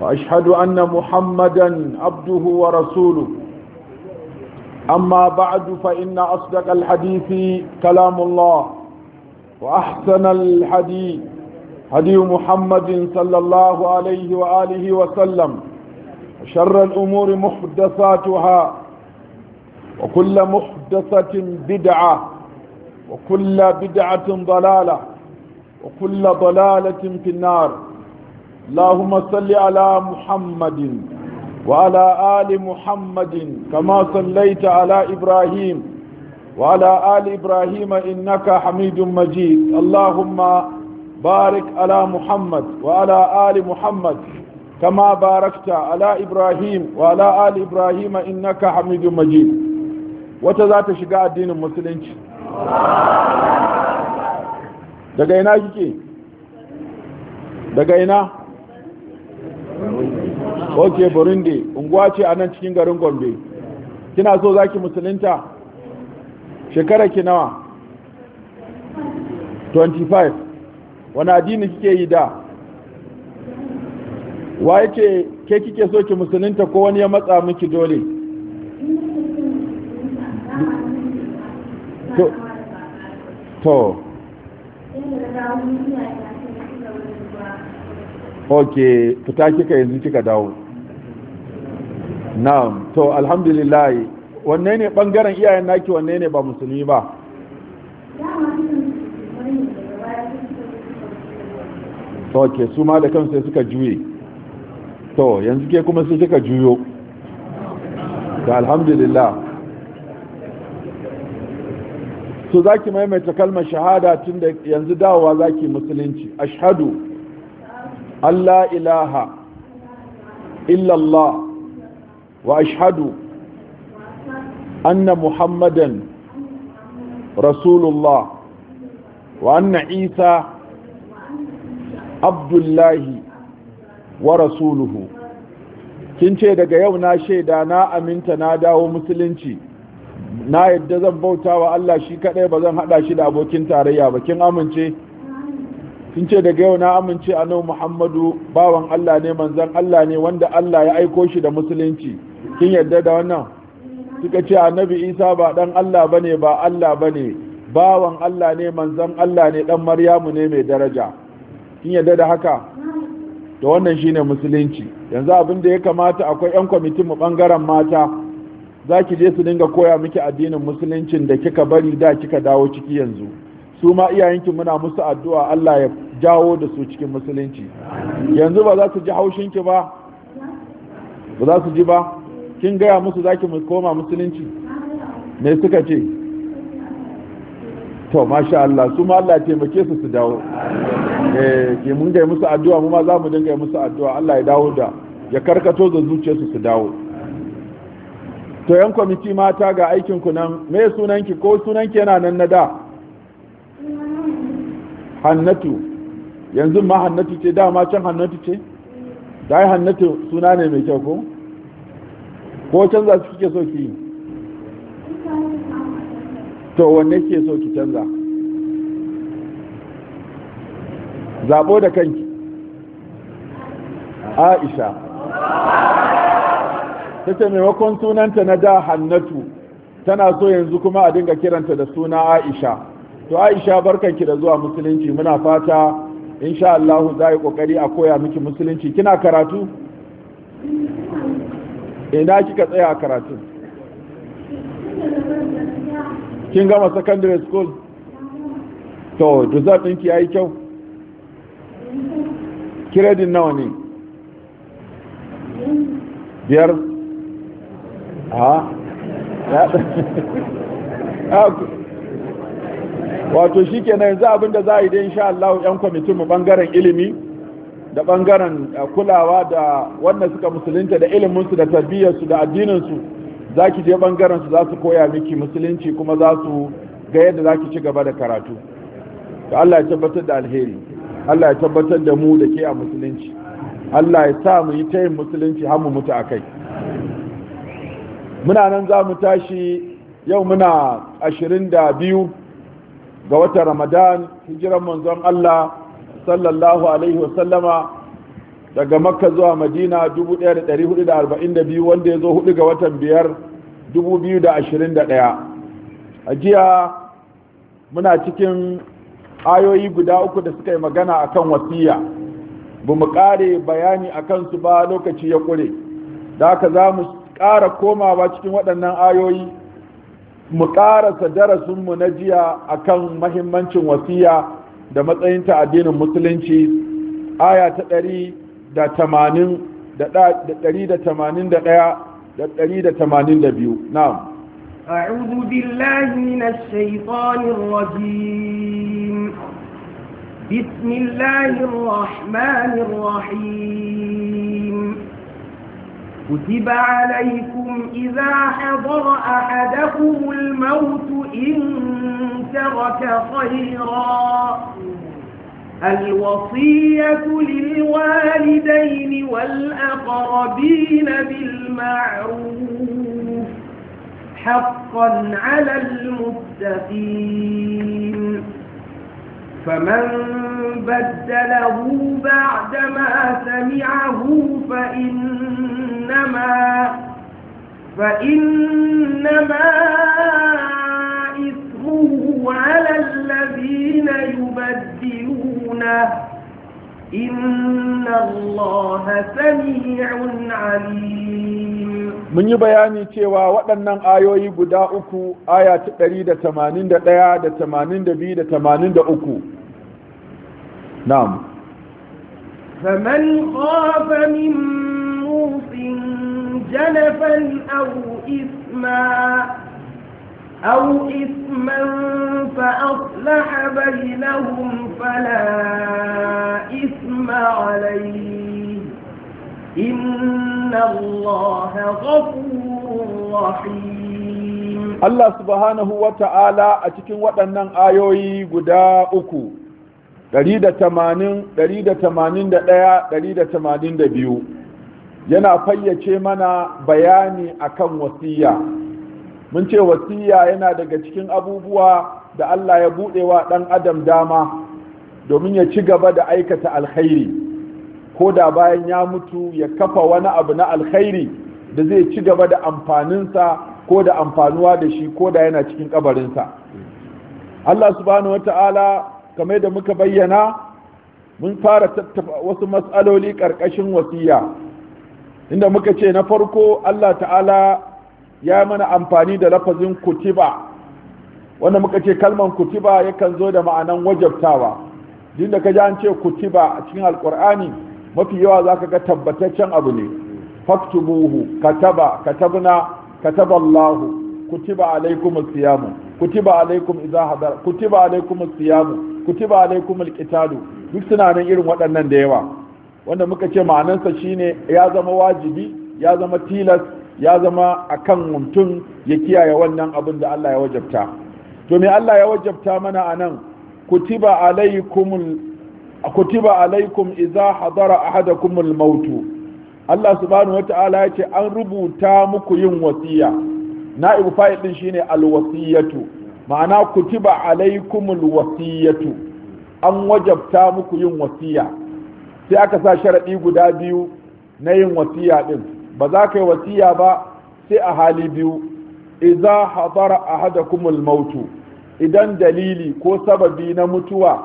وأشهد أن محمدا عبده ورسوله أما بعد فإن أصدق الحديث كلام الله وأحسن الحديث هدي محمد صلى الله عليه وآله وسلم شر الأمور محدثاتها وكل محدثة بدعة وكل بدعة ضلالة وكل ضلالة في النار اللهم صل على محمد وعلى آل محمد كما صليت على إبراهيم وعلى آل إبراهيم إنك حميد مجيد اللهم بارك على محمد وعلى آل محمد كما باركت على إبراهيم وعلى آل إبراهيم إنك حميد مجيد وتذات شقاء الدين المسلم daga ina kike daga ina ok burundi unguwa ce a nan cikin garin gombe kina so za ki musulunta shekara ki nawa 25 wani addini kike yi da wa yake ke kike so ki musulunta ko wani ya matsa miki dole to to ok fita kika yanzu kika dawo na'am to alhamdulillah wanne ne bangaren iyayen naki wanne ne ba musulmi ba ok su ma da kansu sai suka juye to yanzu ke kuma sai suka juyo da alhamdulillah su zaki maimaita kalmar shahada tun da yanzu dawowa zaki musulunci ashadu. ألا إله إلا الله وأشهد أن محمدا رسول wa وأن Isa Abdullahi wa rasuluhu. kin ce daga yau na shaida na aminta na dawo musulunci na yadda zan bauta wa Allah shi kaɗai ba zan haɗa shi da abokin tarayya ba kin amince sun ce daga yau na amince a nan muhammadu bawan allah ne manzan allah ne wanda allah ya aiko shi da musulunci kin yadda da wannan suka ce annabi isa ba dan allah bane ba allah bane bawan allah ne manzan allah ne dan maryamu ne mai daraja kin yadda da haka da wannan shine musulunci yanzu abin da ya kamata akwai yan kwamitin mu bangaren mata za ki je su dinga koya miki addinin musuluncin da kika bari da kika dawo ciki yanzu su ma iyayenki muna musu addu'a Allah ya jawo da su cikin musulunci yanzu ba za su ji haushinki ba ba za su ji ba kin gaya musu za ki koma musulunci me suka ce to masha Allah su ma Allah ya taimake su su dawo eh ke mun gaya musu addu'a mu ma za mu dinga musu addu'a Allah ya dawo da ya karkato da zuciyarsu su dawo to yan kwamiti mata ga aikin ku nan me sunanki ko sunanki yana nan na da hannatu yanzu ma hannatu ce dama can hannatu ce da yi hannatu suna ne mai kyau ko ko canza su kike so ki to wanne kike so ki canza Zaɓo da kanki aisha ta ce maimakon sunanta na da hannatu tana so yanzu kuma a dinga kiranta da suna aisha to aisha barkanki da zuwa musulunci muna fata insha Allah za yi kokari a koya miki musulunci kina karatu ina kika tsaya karatu kin gama secondary school to result ɗinki yi kyau kiredin nawa ne biyar a ah. ah, wato shi ke kenan yanzu abinda za a yi da insha Allah yan kwamitin mu bangaren ilimi da bangaren uh, kulawa da wanda suka musulunta da iliminsu da tarbiyyarsu da addininsu za ki je bangaren su za su koya miki musulunci kuma za su ga yadda za ki ci gaba da karatu da Allah ya tabbatar da alheri Allah ya tabbatar da mu da ke a musulunci Allah ya sa mu yi tayin musulunci har mu mutu akai muna nan za mu tashi yau muna ashirin da biyu ga wata ramadan hijiran manzon Allah sallallahu alaihi wasallama daga makka zuwa madina 1442 wanda ya zo hudu ga watan biyar 2021 a jiya muna cikin ayoyi guda uku da suka yi magana akan wasiya ba mu kare bayani akan su ba lokaci ya kure da haka za mu kara komawa cikin waɗannan ayoyi mu ƙarasa darasinmu na jiya akan mahimmancin wasiya da matsayinta addinin musulunci aya ta ɗari da tamanin da ɗaya da ɗari da tamanin da biyu أعوذ بالله من الشيطان الرجيم بسم الله الرحمن الرحيم كتب عليكم إذا حضر أحدكم الموت إن ترك خيرا الوصية للوالدين والأقربين بالمعروف حقا على المتقين فمن بدله بعدما سمعه فإنما فإنما إثمه على الذين يبدلونه إن الله سميع عليم mun yi bayani cewa waɗannan ayoyi guda uku aya ta ɗari da tamanin da ɗaya da tamanin da biyu da tamanin da uku نعم فمن خاف من موص جنفا أو إثما أو إثما فأصلح بينهم فلا إثم عليه إن الله غفور رحيم الله سبحانه وتعالى أتكن وطنن آيوي قداء أكو 181 yana fayyace mana bayani akan wasiya mun ce wasiya yana daga cikin abubuwa da Allah ya buɗewa ɗan adam dama domin ya ci gaba da aikata alkhairi ko da bayan ya mutu ya kafa wani abu na alkhairi da zai ci gaba da amfaninsa ko da amfanuwa da shi ko da yana cikin ƙabarinsa. Allah subhanahu wata'ala kamar da muka bayyana mun fara tattafa wasu matsaloli ƙarƙashin wasiya inda muka ce na farko Allah ta'ala ya mana amfani da lafazin kutiba wanda muka ce kalman kutiba yakan zo da ma'anan wajabtawa din da ka ji an ce kutiba a cikin alkur'ani mafi yawa za ka ga tabbataccen abu ne faktubuhu kataba katabna kataballahu kutiba alaikum siyamu kutiba alaikum idza hadar kutiba alaikum as-siyam kutiba alaikum al-qital duk suna nan irin waɗannan da yawa wanda muka ce ma'anansa shine ya zama wajibi ya zama tilas ya zama akan mutum ya kiyaye wannan abin da Allah ya wajabta to me Allah ya wajabta mana anan kutiba alaikum kutiba alaikum idza hadara ahadakum al-maut Allah subhanahu wata'ala ya ce an rubuta muku yin wasiya na'ibu fa'il din shine alwasiyatu ma'ana kutiba alaykumul wasiyatu an wajabta muku yin wasiya sai aka sa sharadi guda biyu na yin wasiya din ba za ka yi wasiya ba sai a hali biyu idza hadara ahadakumul mautu idan dalili ko sababi na mutuwa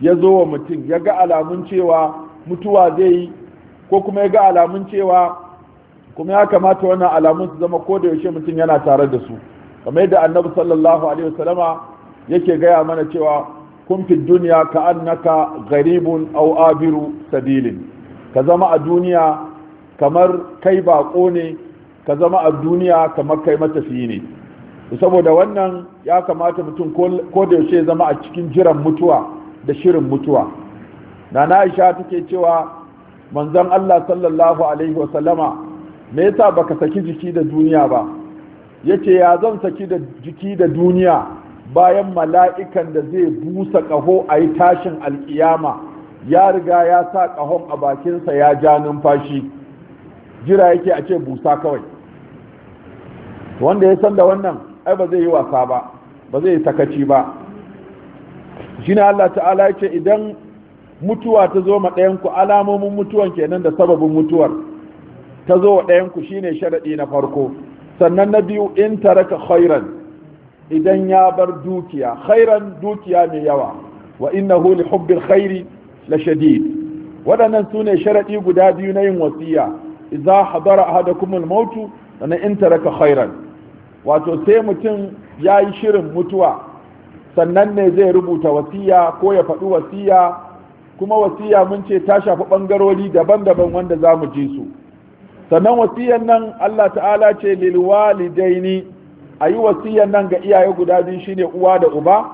ya zo wa mutum ya ga alamun cewa mutuwa zai yi ko kuma ya ga alamun cewa kuma ya kamata wannan alamun su zama ko da yaushe mutum yana tare da su kamar yadda annabi sallallahu alaihi wasallama yake gaya mana cewa kun fi duniya ka annaka garibun aw abiru sabilin ka zama a duniya kamar kai bako ne ka zama a duniya kamar kai matafiyi ne saboda wannan ya kamata mutum ko da yaushe zama a cikin jiran mutuwa da shirin mutuwa na na'isha aisha take cewa manzon Allah sallallahu alaihi wasallama me yasa baka saki jiki da duniya ba yace ya zan saki da jiki da duniya bayan mala'ikan da zai busa kaho a yi tashin alƙiyama ya riga ya sa kahon a bakinsa ya ja numfashi jira yake a ce busa kawai wanda ya san da wannan ai ba zai yi wasa ba ba zai yi sakaci ba shine Allah ta'ala ya idan mutuwa ta zo ma ɗayanku alamomin mutuwan kenan da sababin mutuwar ta zo wa ɗayan ku shine sharaɗi na farko sannan na biyu in taraka khairan idan ya bar dukiya khairan dukiya mai yawa wa hu li hubbil khairi la shadid waɗannan su ne sharaɗi guda biyu na yin wasiya idza hadara ahadakum al mautu sannan in taraka khairan wato sai mutum ya yi shirin mutuwa sannan ne zai rubuta wasiya ko ya faɗi wasiya kuma wasiya mun ce ta shafi ɓangarori daban-daban wanda za mu ji su sannan wasiyan nan Allah ta'ala ce lil walidaini ayi wasiyan nan ga iyaye guda biyu shine uwa da uba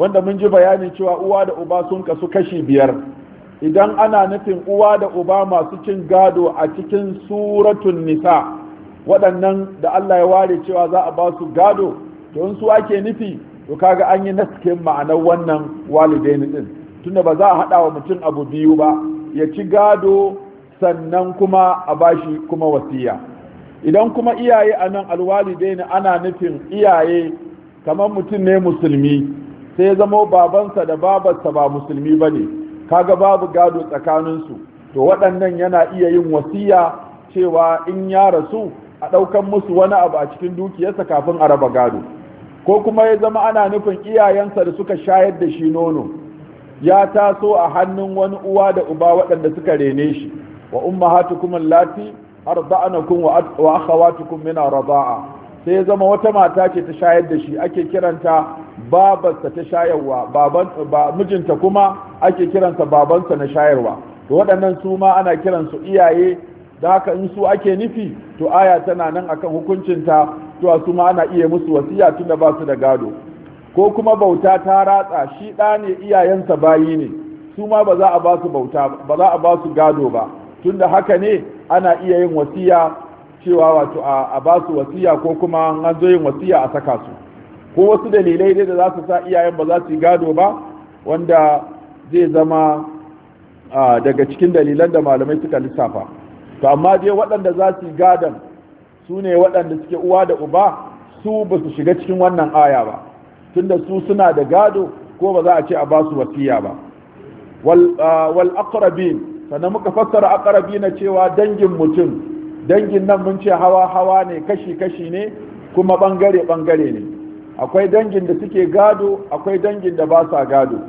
wanda mun ji bayanin cewa uwa da uba sun kasu kashi biyar idan ana nufin uwa da uba masu cin gado a cikin suratun nisa waɗannan da Allah ya ware cewa za a ba su gado to in su ake nufi to kaga an yi naskin ma'anar wannan walidaini din tunda ba za a haɗa wa mutum abu biyu ba ya ci gado sannan kuma a bashi kuma wasiya idan kuma iyaye a nan alwalidaini ana nufin iyaye kamar mutum ne musulmi sai zama babansa da babarsa ba musulmi ba ne kaga babu gado tsakaninsu to waɗannan yana iya yin wasiya cewa in ya rasu a ɗaukan musu wani abu a cikin dukiyarsa kafin a raba gado ko kuma ya zama ana nufin iyayensa da suka shayar da shi nono ya taso a hannun wani uwa da uba waɗanda suka rene shi wa ummahatukum allati arda'anakum wa akhawatukum min arda'a sai zama wata mata ce ta shayar da shi ake kiranta babarsa ta shayarwa baban mijinta kuma ake kiransa babansa na shayarwa to waɗannan su ma ana kiransu iyaye da haka in su ake nufi to aya tana nan akan hukuncinta to su ma ana iya musu wasiya tunda ba su da gado ko kuma bauta ta ratsa shi ɗa ne iyayensa bayi ne su ma ba za a ba su bauta ba za a ba su gado ba tunda haka ne ana iya yin wasiya cewa wato a ba su wasiya ko kuma an zo yin wasiya a saka su ko wasu dalilai dai da za su sa iyayen ba za su gado ba wanda zai zama daga cikin dalilan da malamai suka lissafa to amma dai waɗanda za su gadon su ne waɗanda suke uwa da uba su ba su shiga cikin wannan aya ba tunda su suna da gado ko ba za a ce a ba su wasiya ba wal aqrabin sannan muka fassara akarabi na cewa dangin mutum dangin nan mun ce hawa hawa ne kashi kashi ne kuma bangare bangare ne akwai dangin da suke gado akwai dangin da ba sa gado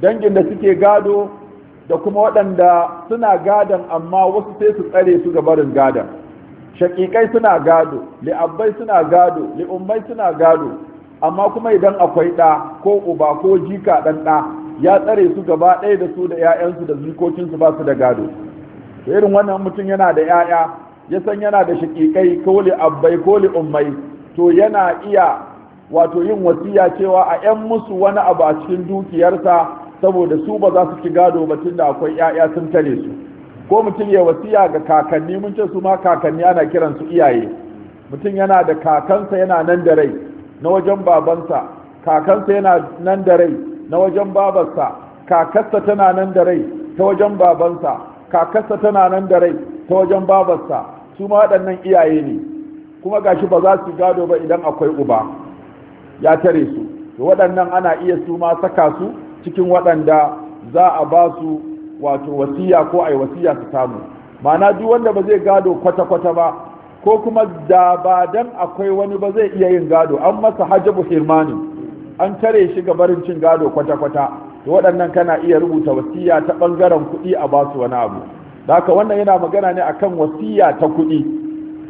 dangin da suke gado da kuma waɗanda suna gadon amma wasu sai su tsare su ga barin gadon shaƙiƙai suna gado li'abbai suna gado li'ummai suna gado amma kuma idan akwai ɗa ko uba ko jika ɗan ɗa ya tsare su gaba ɗaya da su da 'ya'yansu da zikokinsu ba su da gado irin wannan mutum yana da 'ya'ya ya san yana da shakikai koli abai, abbai ummai to yana iya wato yin wasiya cewa a 'yan musu wani abu a cikin dukiyarsa saboda su ba za su ci gado ba tunda akwai 'ya'ya sun tare su ko mutum ya wasiya ga kakanni mun ce su ma kakanni ana kiransu iyaye mutum yana da kakansa yana nan da rai na wajen babansa kakansa yana nan da rai na wajen babarsa kakarsa tana nan da rai ta wajen babansa kakarsa tana nan da rai ta wajen babarsa su ma waɗannan iyaye ne kuma gashi ba za su gado ba idan akwai uba ya tare su waɗannan ana iya su ma saka su cikin waɗanda za a ba su wato wasiya ko ai wasiya su samu ma'ana duk wanda ba zai gado kwata-kwata ba ko kuma da ba dan akwai wani ba zai iya yin gado an masa hajjabu hirmani an tare shi ga barin cin gado kwata-kwata to waɗannan kana iya rubuta wasiya ta ɓangaren kuɗi a ba su wani abu Da haka wannan yana magana ne akan wasiya ta kuɗi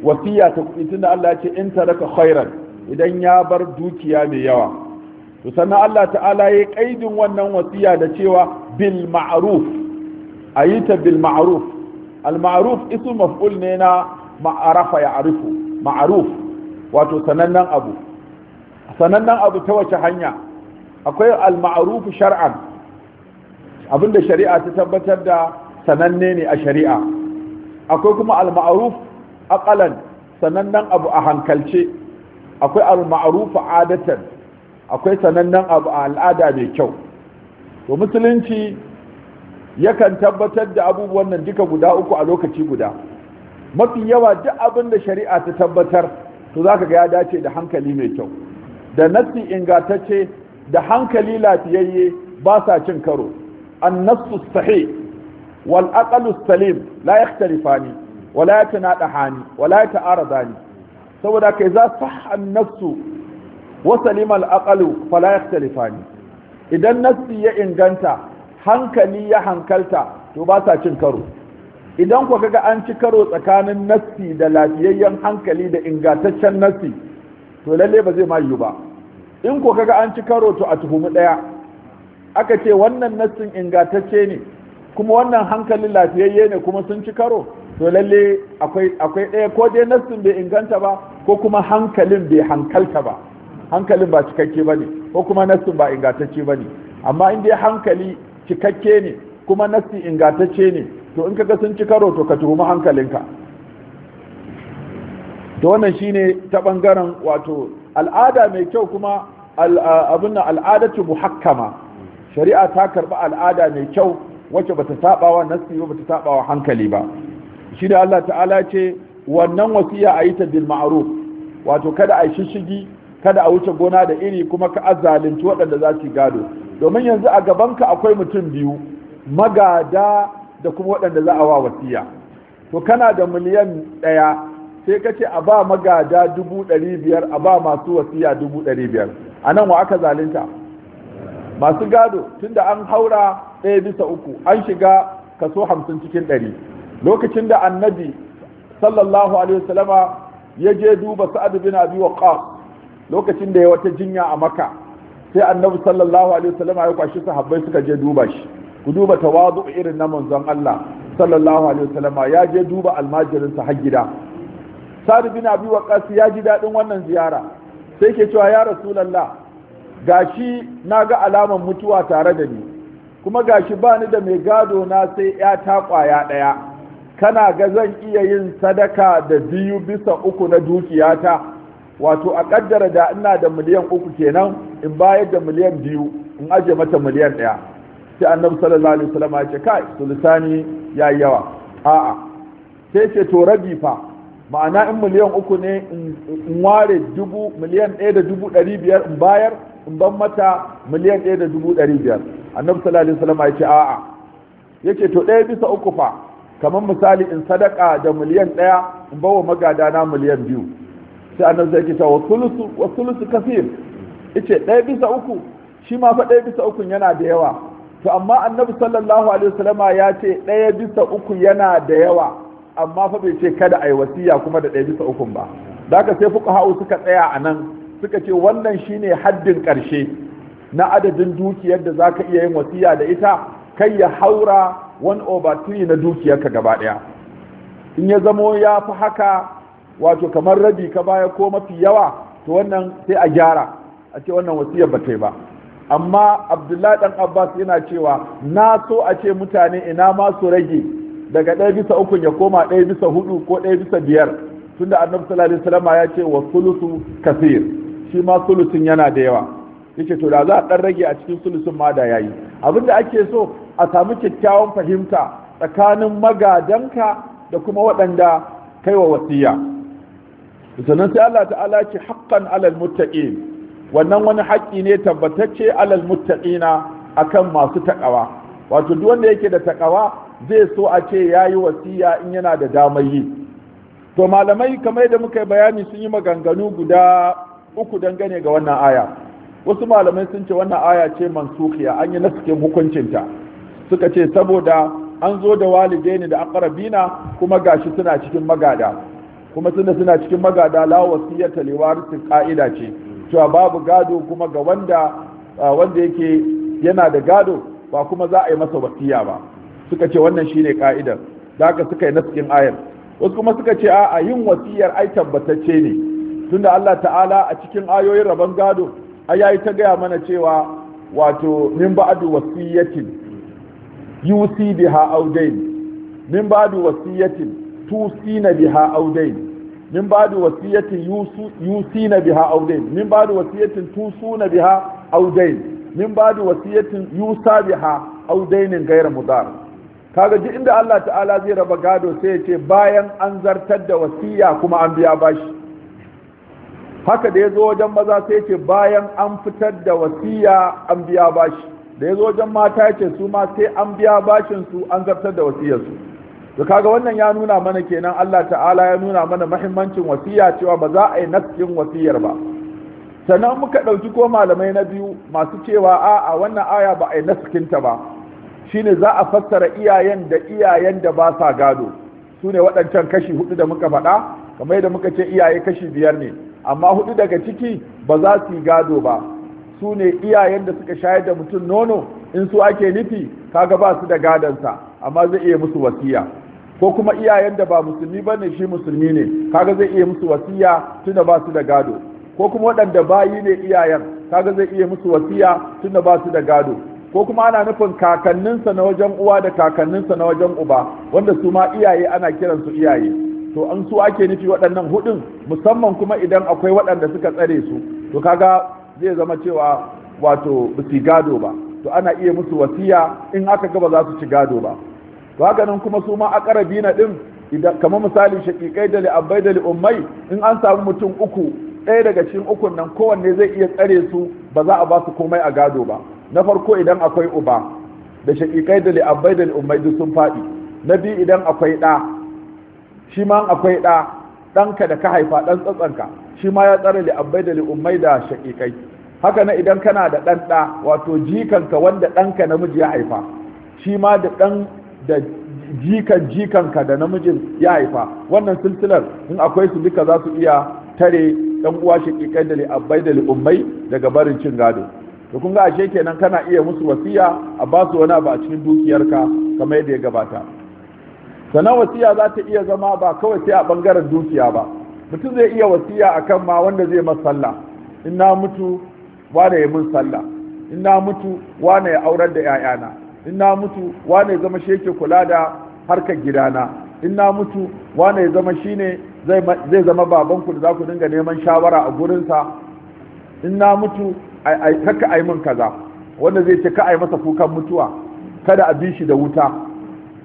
wasiya ta kuɗi tunda Allah ya ce in ta taraka khairan idan ya bar dukiya mai yawa to sannan Allah ta'ala ya kaidin wannan wasiya da cewa bil ma'ruf ayita bil ma'ruf al ma'ruf ismu maf'ul ne na ma'arafa ya'rifu ma'ruf wato sanannen abu sanannen abu ta wace hanya akwai al-ma'ruf shar'an abinda shari'a ta tabbatar da sananne ne a shari'a akwai kuma al-ma'ruf aqalan sanannen abu a hankalce akwai al-ma'ruf adatan akwai sanannen abu a al'ada mai kyau to musulunci yakan tabbatar da abubuwan nan duka guda uku a lokaci guda mafi yawa duk abinda shari'a ta tabbatar to zaka ga ya dace da hankali mai kyau da nassi ingatacce da hankali lafiyayye ba sa cin karo an nassu sahih wal aqalu salim la yakhtalifani wala yatanadahani wala yata'aradani saboda kai za sah an nafsu wa salim al aqalu la yakhtalifani idan nassi ya inganta hankali ya hankalta to ba sa cin karo idan ku kaga an ci karo tsakanin nassi da lafiyayyen hankali da ingataccen nassi to lalle ba zai ma yiwu ba in ko kaga an ci karo to a tuhumi ɗaya aka ce wannan nassin ingantacce ne kuma wannan hankalin lafiyayye ne kuma sun ci karo to lalle akwai akwai ɗaya ko dai nassin bai inganta ba ko kuma hankalin bai hankalta ba hankalin ba cikakke ba ne ko kuma nassin ba ingantacce ba ne amma in dai hankali cikakke ne kuma nassi ingantacce ne to in kaga sun ci karo to ka tuhumi hankalinka to wannan shine ta bangaren wato al'ada mai kyau kuma abin al'adatu muhakkama shari'a ta karba al'ada mai kyau wacce bata saba wa nasi ba bata saba wa hankali ba shi da Allah ta'ala ce wannan wasiya a yi ta bil ma'ruf wato kada a shishigi kada a wuce gona da iri kuma ka azalunci waɗanda za su gado domin yanzu a gaban ka akwai mutum biyu magada da kuma waɗanda za a wa wasiya to kana da miliyan ɗaya sai ka ce a ba magada dubu ɗari biyar a ba masu wasiya dubu ɗari biyar a nan wa aka zalunta masu gado tunda an haura ɗaya bisa uku an shiga kaso hamsin cikin ɗari lokacin da annabi sallallahu alaihi wasallama ya je duba sa'ad bin abi waqqas lokacin da ya wata jinya a maka sai annabi sallallahu alaihi wasallama ya kwashi sahabbai suka je duba shi ku duba tawadu irin na manzon Allah sallallahu alaihi wasallama ya je duba almajirin sa har gida sadu bin abi waqas ya ji daɗin wannan ziyara sai ke cewa ya Ga gashi na ga alaman mutuwa tare da ni kuma gashi ba ni da mai gado na sai ya ta kwaya ɗaya. kana ga zan iya yin sadaka da biyu bisa uku na dukiyata wato a ƙaddara da ina da miliyan uku kenan in bayar da miliyan biyu in aje mata miliyan ɗaya sai annabi sallallahu alaihi wasallam ya ce kai sulusani yayi yawa a'a sai ce to rabi fa ma'ana in miliyan uku ne in ware dubu miliyan ɗaya da dubu ɗari biyar in bayar in ban mata miliyan ɗaya da dubu ɗari biyar annabi sallallahu alaihi wasallam ya ce a'a yake to ɗaya bisa uku fa kamar misali in sadaka da miliyan ɗaya in bawa magada na miliyan biyu sai annabi zai kisa wa sulusu wa sulusu kasir yace ɗaya bisa uku shi ma fa ɗaya bisa uku yana da yawa to amma annabi sallallahu alaihi wasallam ya ce ɗaya bisa uku yana da yawa amma fa bai ce kada a yi wasiya kuma da ɗaya bisa ukun ba da ka sai fuka ha'u suka tsaya a nan suka ce wannan shine haddin ƙarshe na adadin dukiyar da za ka iya yin wasiya da ita kai ya haura one over three na dukiyarka gaba ɗaya in ya zamo ya fi haka wato kamar rabi ka baya ko mafi yawa to wannan sai a gyara a ce wannan wasiyar ba ta yi ba amma abdullahi dan abbas yana cewa na so a ce mutane ina ma su rage daga ɗaya bisa uku ya koma ɗaya bisa hudu ko ɗaya bisa biyar tunda annabi sallallahu alaihi wasallam ya ce wa sulusu kasir shi ma sulusun yana da yawa yace to da za a dan rage a cikin sulusun ma da yayi abinda ake so a samu kyakkyawan fahimta tsakanin magadanka da kuma waɗanda kai wa wasiya sannan sai Allah ta'ala ce haqqan alal muttaqin wannan wani haƙƙi ne tabbatacce alal muttaqina akan masu takawa wato duk wanda yake da takawa zai so a ce ya yi wasiya in yana da damar yi to malamai kamar da muka yi bayani sun yi maganganu guda uku dangane ga wannan aya wasu malamai sun ce wannan aya ce mansukiya an yi nasukin hukuncinta suka ce saboda an zo da ne da aqrabina kuma gashi suna cikin magada kuma tunda suna cikin magada la wasiyata li warithin ka'ida ce cewa babu gado kuma ga wanda wanda yake yana da gado ba kuma za a yi masa wasiya ba suka ce wannan shine ka'idar da aka suka yi naskin ayar wasu kuma suka ce a yin wasiyar ai tabbatacce ne tunda Allah ta'ala a cikin ayoyin rabon gado ai yayi ta gaya mana cewa wato min ba'du wasiyatin yusi biha audain min ba'du wasiyatin tusina biha audain min ba'du wasiyatin yusina biha audain min ba'du wasiyatin tusuna biha audain min ba'du wasiyatin yusa biha audainin gairu mudar kaga ji inda Allah ta'ala zai raba gado sai ya ce bayan an zartar da wasiya kuma an biya bashi haka da ya zo wajen maza sai ya ce bayan an fitar da wasiya an biya bashi da ya zo wajen mata ya ce su ma sai an biya bashin su an zartar da wasiyarsu to kaga wannan ya nuna mana kenan Allah ta'ala ya nuna mana mahimmancin wasiya cewa ba za a yi naskin wasiyar ba sannan muka ɗauki ko malamai na biyu masu cewa a'a wannan aya ba a yi naskinta ba shine za a fassara iyayen da iyayen da ba sa gado su ne waɗancan kashi hudu da muka faɗa kamar yadda muka ce iyaye kashi biyar ne amma hudu daga ciki ba za su yi gado ba su ne iyayen da suka shayar da mutum nono in su ake nufi kaga ba su da gadonsa amma zai iya musu wasiya ko kuma iyayen da ba musulmi ba ne shi musulmi ne kaga zai iya musu wasiya tunda ba su da gado ko kuma waɗanda bayi ne iyayen kaga zai iya musu wasiya tunda ba su da gado ko kuma ana nufin kakanninsa na wajen uwa da kakanninsa na wajen uba wanda su ma iyaye ana kiransu iyaye to an su ake nufi waɗannan hudun musamman kuma idan akwai waɗanda suka tsare su to kaga zai zama cewa wato bisi gado ba to ana iya musu wasiya in aka gaba za su ci gado ba to haka nan kuma su ma akarabi na din idan kamar misali shakikai da li'u-abai da li'ummai in an samu mutum uku ɗaya daga cikin ukun nan kowanne zai iya tsare su ba za a ba su komai a gado ba na farko idan akwai uba da shaƙiƙai da li'abbai da li'ummai duk sun faɗi na biyu idan akwai ɗa shi ma akwai ɗa ɗanka da ka haifa ɗan tsatsanka shi ma ya tsara li'abbai da li'ummai da shaƙiƙai haka na idan kana da ɗan ɗa wato jikanka wanda ɗanka namiji ya haifa shi ma da ɗan da jikan jikanka da namijin ya haifa wannan silsilar in akwai su duka za su iya tare ɗan uwa shaƙiƙai da li'abbai da li'ummai daga barin cin gado to kun ga ashe kenan kana iya musu wasiya a ba su wani abu a cikin dukiyarka kamar yadda ya gabata sannan wasiya za ta iya zama ba kawai sai a bangaren dukiya ba mutum zai iya wasiya kan ma wanda zai masa sallah in na mutu wane ya mun sallah in na mutu wane ya aurar da 'ya'yana in na mutu wane ya zama sheke kula da harkar gidana in na mutu wane ya zama shine zai zama babanku da za ku dinga neman shawara a gurinsa in na mutu a yi min kaza wanda zai ce ka a yi masa kukan mutuwa kada a bi shi da wuta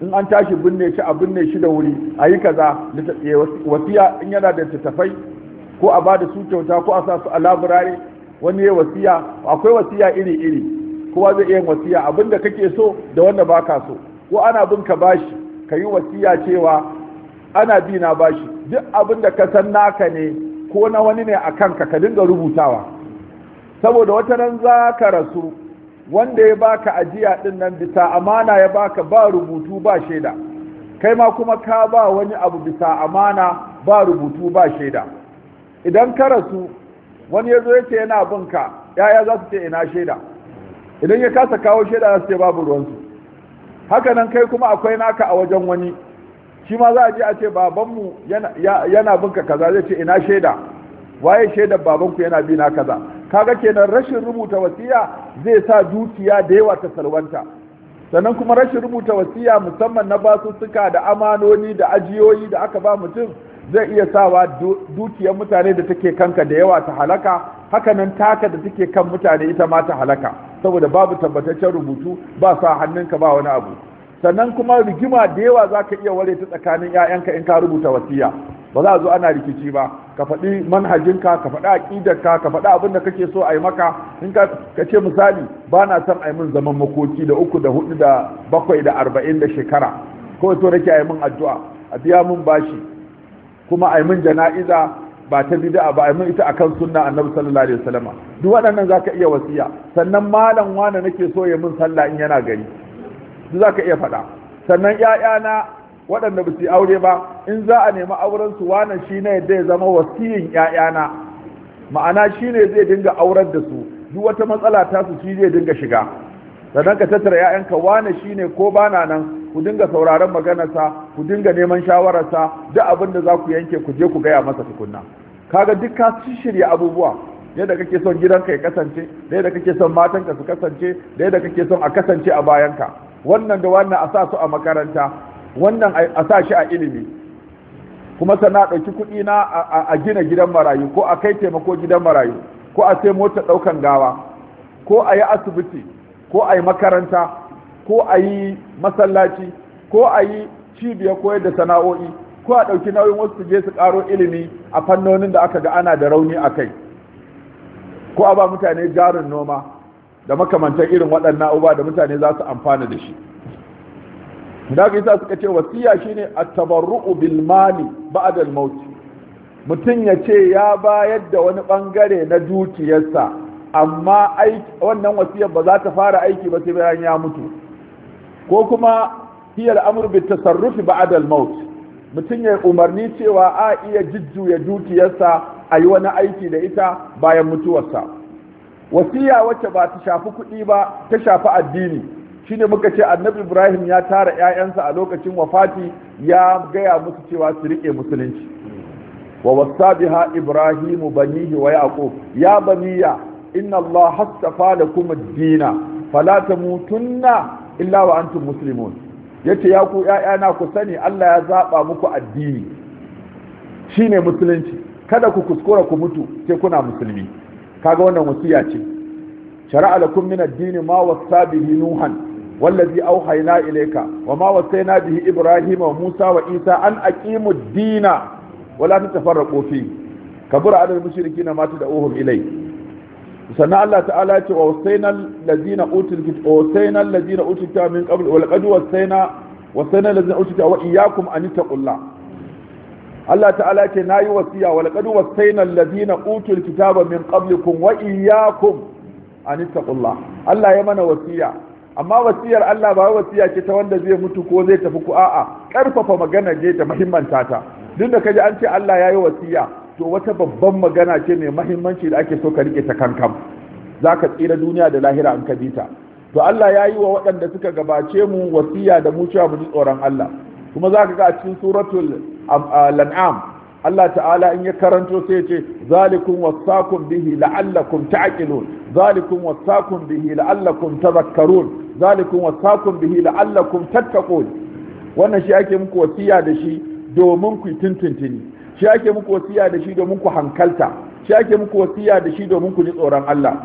in an tashi binne shi a binne shi da wuri a yi kaza eh, wasiya in yana da tattafai ko a ba da su kyauta ko a sa su a laburare wani ya wasiya akwai wasiya iri-iri kowa zai iya wasiya abinda kake so da wanda baka so ko ana bin ka bashi ka yi wasiya cewa ana bi na bashi duk abin da ka san naka ne ko na wani ne a kanka ka dinga rubutawa saboda wata nan za ka rasu wanda ya baka ajiya din nan bisa amana ya baka ba rubutu ba shaida kai ma kuma ka ba wani abu bisa amana ba rubutu ba shaida idan ka rasu wani ya zo ya yana bin yaya za su ce ina shaida idan ya kasa kawo shaida za su ce babu ruwansu haka nan kai kuma akwai naka a wajen wani shi ma za a je a ce babanmu yana bin ka kaza zai ce ina shaida waye shaidar babanku yana bi na kaza kaga kenan rashin rubuta wasiya zai sa dukiya da yawa ta salwanta sannan kuma rashin rubuta wasiya musamman na basussuka da amanoni da ajiyoyi da aka ba mutum zai iya sawa dukiyar mutane da take kanka da yawa ta halaka Haka nan taka da take kan mutane ita ma ta halaka saboda babu tabbataccen rubutu ba sa hannunka ba wani abu sannan kuma rigima da yawa za ka iya ware ta tsakanin 'ya'yanka in ka rubuta wasiya ba za a zo ana rikici ba ka faɗi manhajinka ka faɗi aƙidarka ka faɗi abin da kake so a yi maka in ka ce misali ba na son a yi min zaman makoki da uku da hudu da bakwai da arba'in da shekara kawai to nake a yi min addu'a a biya min bashi kuma a yi min jana'iza ba ta bid'a ba a yi min ita akan sunna annabi sallallahu alaihi wasallam duk waɗannan zaka iya wasiya sannan malam wani nake so ya min sallah in yana gari duk zaka iya faɗa sannan ƴaƴana waɗanda ba su aure ba in za a nemi auren su shi ne yadda ya zama wasiyin ƴaƴana ma'ana shi ne zai dinga auren da su duk wata matsala ta su shi zai dinga shiga sannan ka tattara ƴaƴanka wane ne ko bana nan ku dinga sauraron maganarsa ku dinga neman shawararsa duk abin da za ku yanke ku je ku gaya masa tukunna kaga duk ka shirya abubuwa yadda kake son gidanka ya kasance da yadda kake son matanka su kasance da yadda kake son a kasance a bayanka wannan da wannan a sa su a makaranta wannan a sa shi a ilimi kuma sana ɗauki kuɗi na a gina gidan marayu ko a kai taimako gidan marayu ko a sai mota ɗaukan gawa ko a yi asibiti ko a yi makaranta ko a yi masallaci ko a yi cibiyar koyar da sana'o'i ko a ɗauki nauyin wasu su je su ƙaro ilimi a fannonin da aka ga ana da rauni a kai ko a ba mutane jarin noma da makamantar irin waɗannan uba da mutane za su amfana da shi da ka sa suka ce wasiya shine a tabarruu bil mali ba'da maut mutum ya ce ya bayar da wani bangare na dukiyarsa amma wannan wasiyar ba za ta fara aiki ba sai bayan ya mutu ko kuma hiyar amr bi tasarrufi ba'da maut mutum ya umarni cewa a iya jujjuya dukiyarsa a yi wani aiki da ita bayan mutuwarsa wasiya wacce ba ta shafi kuɗi ba ta shafi addini shine muka ce annabi ibrahim ya tara 'ya'yansa a lokacin wafati ya gaya musu cewa su riƙe musulunci wa wasa biha ibrahimu banihi wa yaqub ya baniya inna allah hastafa lakum ad-dina fala tamutunna illa wa antum muslimun yace ya ku 'ya'yana ku sani allah ya zaɓa muku addini shine musulunci kada ku kuskura ku mutu sai kuna musulmi kaga wannan wasiya ce shara'a lakum min ad-dini ma wasa bihi nuhan wallazi auhayna ilayka wama wasaina bihi ibrahima wa musa wa isa an aqimu ad-dina wala tatafarraqu fi kabura adal mushrikina ma tad'uhum ilay sannan Allah ta'ala ya ce wa wasaina allazina utul kitaba wasaina allazina min qabl wa laqad wasaina wasaina Allah ta'ala ce nayi wasiya wa laqad wasaina allazina utul kitaba min qablikum wa iyyakum an Allah ya mana wasiya amma wasiyar Allah ba wasiya ce ta wanda zai mutu ko zai tafi ku a'a karfafa magana je ta muhimmanta ta duk da kaji an ce Allah ya yi wasiya to wata babban magana ce mai mahimmanci da ake so ka rike ta kankan za ka tsira duniya da lahira an ka bi ta to Allah ya yi wa waɗanda suka gabace mu wasiya da mu cewa mu ji tsoron Allah kuma za ka ga a cikin suratul lan'am Allah ta'ala in ya karanto sai ya ce zalikum wasakum bihi la'allakum ta'qilun zalikum wasakum bihi la'allakum tadhakkarun zalikum wasakum bihi la'allakum tattaqun wannan shi ake muku wasiya da shi domin ku tuntuntuni shi ake muku wasiya da shi domin ku hankalta shi ake muku wasiya da shi domin ku ji tsoron Allah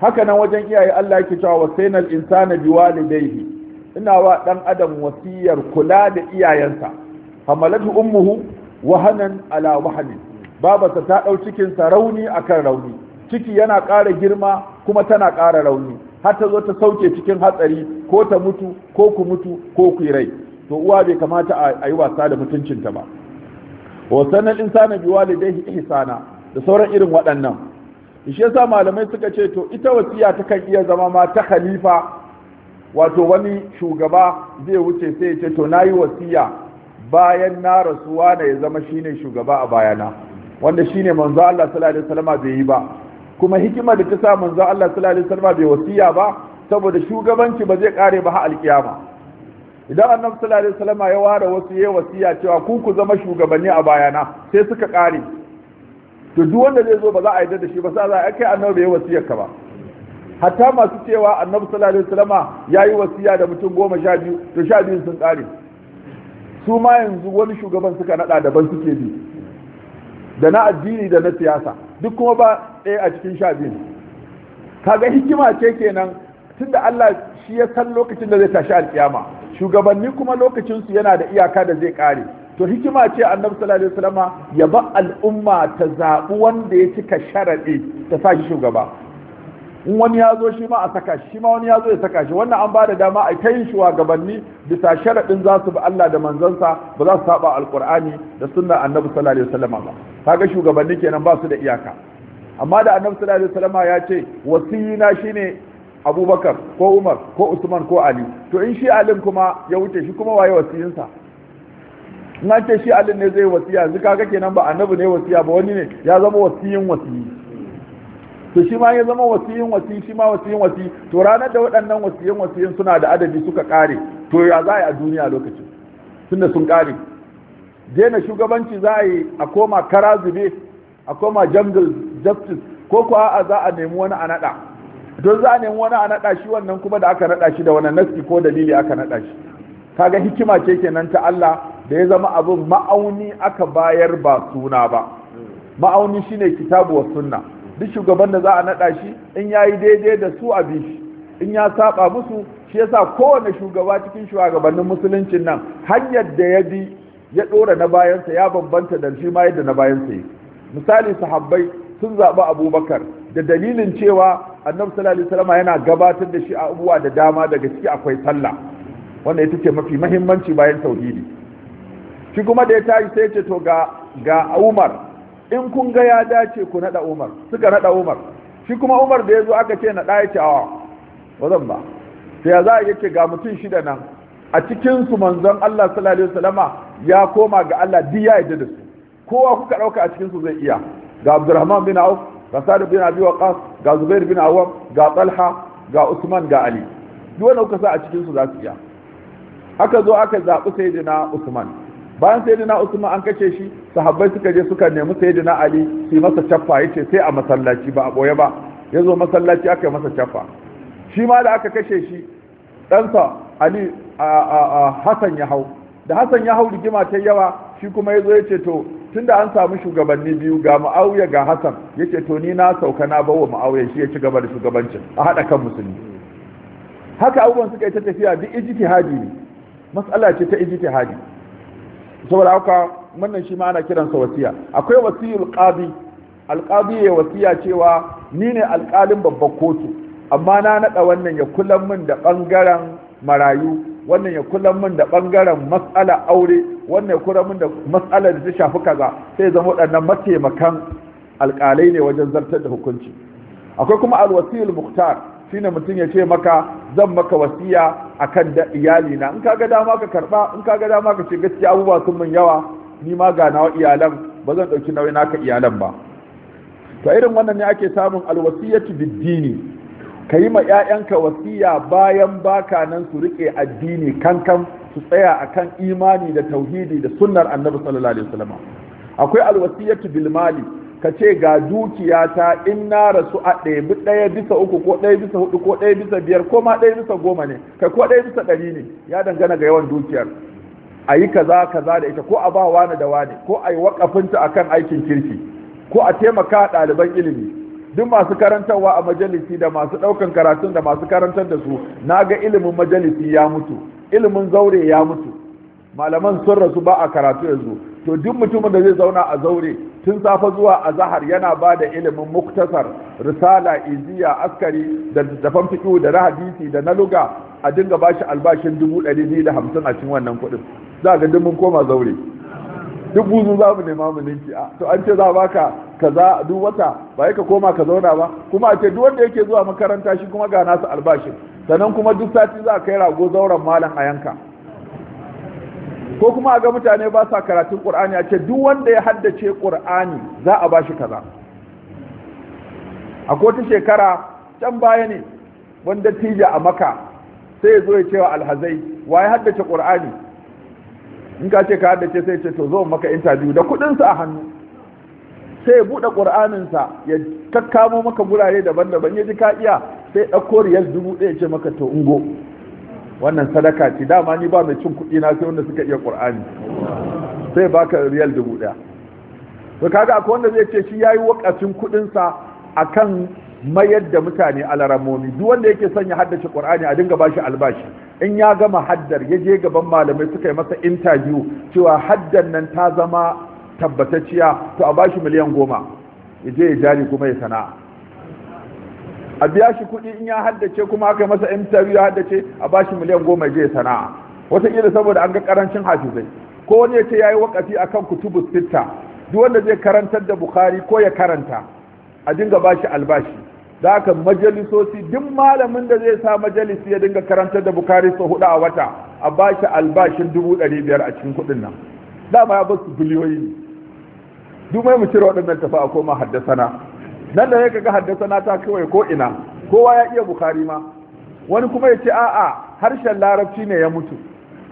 haka nan wajen iyaye Allah yake cewa wasainal insana biwalidayhi ina wa dan adam wasiyar kula da iyayensa hamalatu ummuhu wahanan ala wahanin babarsa ta dau cikin sa rauni akan rauni ciki yana ƙara girma kuma tana ƙara rauni har ta zo ta sauke cikin hatsari ko ta mutu ko ku mutu ko ku rai to uwa bai kamata a yi wasa da mutuncinta ba wa sanan insana bi walidayhi ihsana da sauran irin waɗannan shi yasa malamai suka ce to ita wasiya ta kan iya zama ma ta khalifa wato wani shugaba zai wuce sai ya ce to nayi wasiya bayan na rasuwa na ya zama shine shugaba a bayana wanda shine manzo Allah sallallahu alaihi wasallam bai yi ba kuma hikimar da ta sa manzo Allah sallallahu alaihi wasallam bai wasiya ba saboda shugabanci ba zai kare ba har alkiyama idan annabi sallallahu alaihi wasallam ya ware wasu yayi wasiya cewa ku ku zama shugabanni a bayana sai suka kare to duk wanda zai zo ba za a yarda da shi ba sai za a kai annabi bai wasiyar ka ba hatta masu cewa annabi sallallahu alaihi wasallam yayi wasiya da mutum goma sha biyu to sha biyu sun kare su ma yanzu wani shugaban suka nada daban suke bi da na addini da na siyasa duk kuma ba ɗaya a cikin sha biyu kaga hikima ce kenan tunda Allah shi ya san lokacin da zai tashi alƙiyama, shugabanni kuma lokacin su yana da iyaka da zai ƙare, to hikima ce annabi sallallahu alaihi wasallama ya ba al'umma ta zaɓi wanda ya cika sharaɗi ta sa shi shugaba in wani ya zo shi ma a saka shi ma wani ya zo ya saka shi wannan an ba da dama a kai shugabanni bisa sharaɗin za su bi Allah da manzansa ba za su saba Alƙur'ani da sunna annabi sallallahu alaihi wasallam ba kaga shugabanni kenan ba su da iyaka amma da annabi sallallahu alaihi wasallam ya ce wasiyina shine abubakar ko umar ko usman ko ali to in shi alin kuma ya wuce shi kuma waye wasiyinsa in an ce shi alin ne zai wasiya yanzu kaga kenan ba annabi ne wasiya ba wani ne ya zama wasiyin wasiyi to shi ma ya zama wasiyin wasi shi ma wasiyin wasi to ranar da waɗannan wasiyin wasiyin suna da adadi suka ƙare, to ya za a duniya lokacin tunda sun ƙare. daina shugabanci za a yi a koma kara zube a koma jungle justice ko kuwa a za a nemi wani a naɗa don za a nemi wani a naɗa shi wannan kuma da aka naɗa shi da wani naski ko dalili aka naɗa shi kaga hikima ce kenan ta Allah da ya zama abin ma'auni aka bayar ba suna ba ma'auni shine kitabu wa sunna duk shugaban da za a naɗa shi in ya yi daidai da su a bishi in ya saba musu shi ya sa kowane shugaba cikin shugabannin musuluncin nan hanyar da ya bi ya ɗora na bayansa ya bambanta da shi ma yadda na bayansa yi misali sahabbai sun zaɓi abubakar da dalilin cewa annabi sallallahu alaihi wasallam yana gabatar da shi a abubuwa da dama daga ciki akwai sallah wanda ita ce mafi muhimmanci bayan tauhidi shi kuma da ya tashi sai ce to ga ga Umar in kun ga ya dace ku naɗa umar suka naɗa umar shi kuma umar da ya zo aka ce na ɗaya yake awa ba ba sai za a yake ga mutum shida nan a cikinsu manzon Allah sallallahu alaihi wasallama ya koma ga Allah duk ya yarda su kowa kuka ɗauka a cikinsu zai iya ga Abdurrahman bin Auf ga Sa'd bin Abi Waqqas ga Zubair bin Awwam ga Talha ga Usman ga Ali duk wanda kuka sa a cikinsu za su iya aka zo aka zaɓi sayyidina Usman bayan sayyidina usman an kace shi sahabbai suka je suka nemi sayyidina ali su masa caffa yace sai a masallaci ba a boye ba yazo masallaci aka yi masa caffa shi ma da aka kashe shi ɗansa ali a hasan ya hau da hasan ya hau rigima ta yawa shi kuma yazo yace to tunda an samu shugabanni biyu ga muawiya ga hasan yace to ni na sauka na bawa muawiya shi ya ci gaba da shugabancin a hada kan musulmi haka abubuwan suka yi ta tafiya duk ijtihadi ne mas'ala ce ta ijtihadi saboda haka wannan shi ma ana kiransa wasiya akwai wasiyul qadi alqadi ya wasiya cewa ni ne alqalin babban kotu amma na nada wannan ya kullan min da bangaren marayu wannan ya kullan min da bangaren mas'ala aure wannan ya kullan min da mas'alar da ta shafi kaza sai zama waɗannan mataimakan alƙalai ne wajen zartar da hukunci akwai kuma alwasiyul muhtar shine mutum ya ce maka zan maka wasiya akan da iyali na in ga dama ka karba in ka ga dama ka ce gaskiya abubuwa sun mun yawa ni ma ga nawa iyalan ba zan ɗauki nauyi naka iyalan ba to irin wannan ne ake samun alwasiyatu biddini ka yi ma 'ya'yanka wasiya bayan baka nan su rike addini kankan su tsaya akan imani da tauhidi da sunnar annabi sallallahu alaihi wasallam akwai alwasiyatu bil ka ce ga dukiyata in na rasu a bi ɗaya bisa uku ko ɗaya bisa hudu ko ɗaya bisa biyar ko ma ɗaya bisa goma ne kai ko ɗaya bisa ɗari ne ya dangana ga yawan dukiyar a yi kaza kaza da ita ko a ba wani da wani ko a yi wakafinta kan aikin kirki ko a taimaka ɗaliban ilimi duk masu karantarwa a majalisi da masu ɗaukan karatun da masu karantar da su na ga ilimin majalisi ya mutu ilimin zaure ya mutu malaman sun rasu ba a karatu yanzu to duk mutumin da zai zauna a zaure tun safa zuwa azahar yana ba da ilimin muktasar risala iziya askari da dafan fiƙo da na hadisi da na a dinga ba shi albashin dubu ɗari biyu da hamsin a cin wannan kuɗin za ga duk koma zaure duk buzu za mu nema mu ninki a to an ce za ba ka kaza duk wata ba ka koma ka zauna ba kuma a ce duk wanda yake zuwa makaranta shi kuma ga nasu albashin sannan kuma duk sati za a kai rago zauren malam a yanka ko kuma a ga mutane ba sa karatun ƙur'ani a ce duk wanda ya haddace ƙur'ani za a ba shi kaza a kotun shekara can baya ne wanda tija a maka sai ya zo ya cewa alhazai waye haddace ƙur'ani in ka ce ka haddace sai ce to zo maka interview da kuɗinsa a hannu sai ya buɗe ƙur'aninsa ya kakkamo maka gurare daban-daban ya ji ka iya sai ɗauko riyal dubu ɗaya ce maka to ungo wannan sadaka ce dama ni ba mai cin kuɗi na sai wanda suka iya ƙur'ani sai baka riyal dubu ɗaya to kaga akwai wanda zai ce shi yayi wakafin kuɗinsa akan mayar da mutane alaramomi duk wanda yake son ya haddace ƙur'ani, a dinga bashi albashi in ya gama haddar ya je gaban malamai suka yi masa interview cewa haddar nan ta zama tabbatacciya to a bashi miliyan goma ya je ya jari kuma ya sana'a a biya shi kuɗi in ya haddace kuma aka masa interview ya haddace a ba shi miliyan goma je sana'a wataƙila saboda an ga ƙarancin hafizai ko wani ya ce ya yi wakafi a kan kutubu sitta duk wanda zai karantar da bukhari ko ya karanta a dinga bashi albashi da haka majalisoci duk malamin da zai sa majalisi ya dinga karantar da bukhari sau hudu a wata a bashi albashin dubu ɗari biyar a cikin kuɗin nan dama ya su biliyoyi duk mai mu cire waɗannan tafi a koma na nan da yake ga haddasa ta kawai ko ina kowa ya iya bukari ma wani kuma ya ce a'a harshen larabci ne ya mutu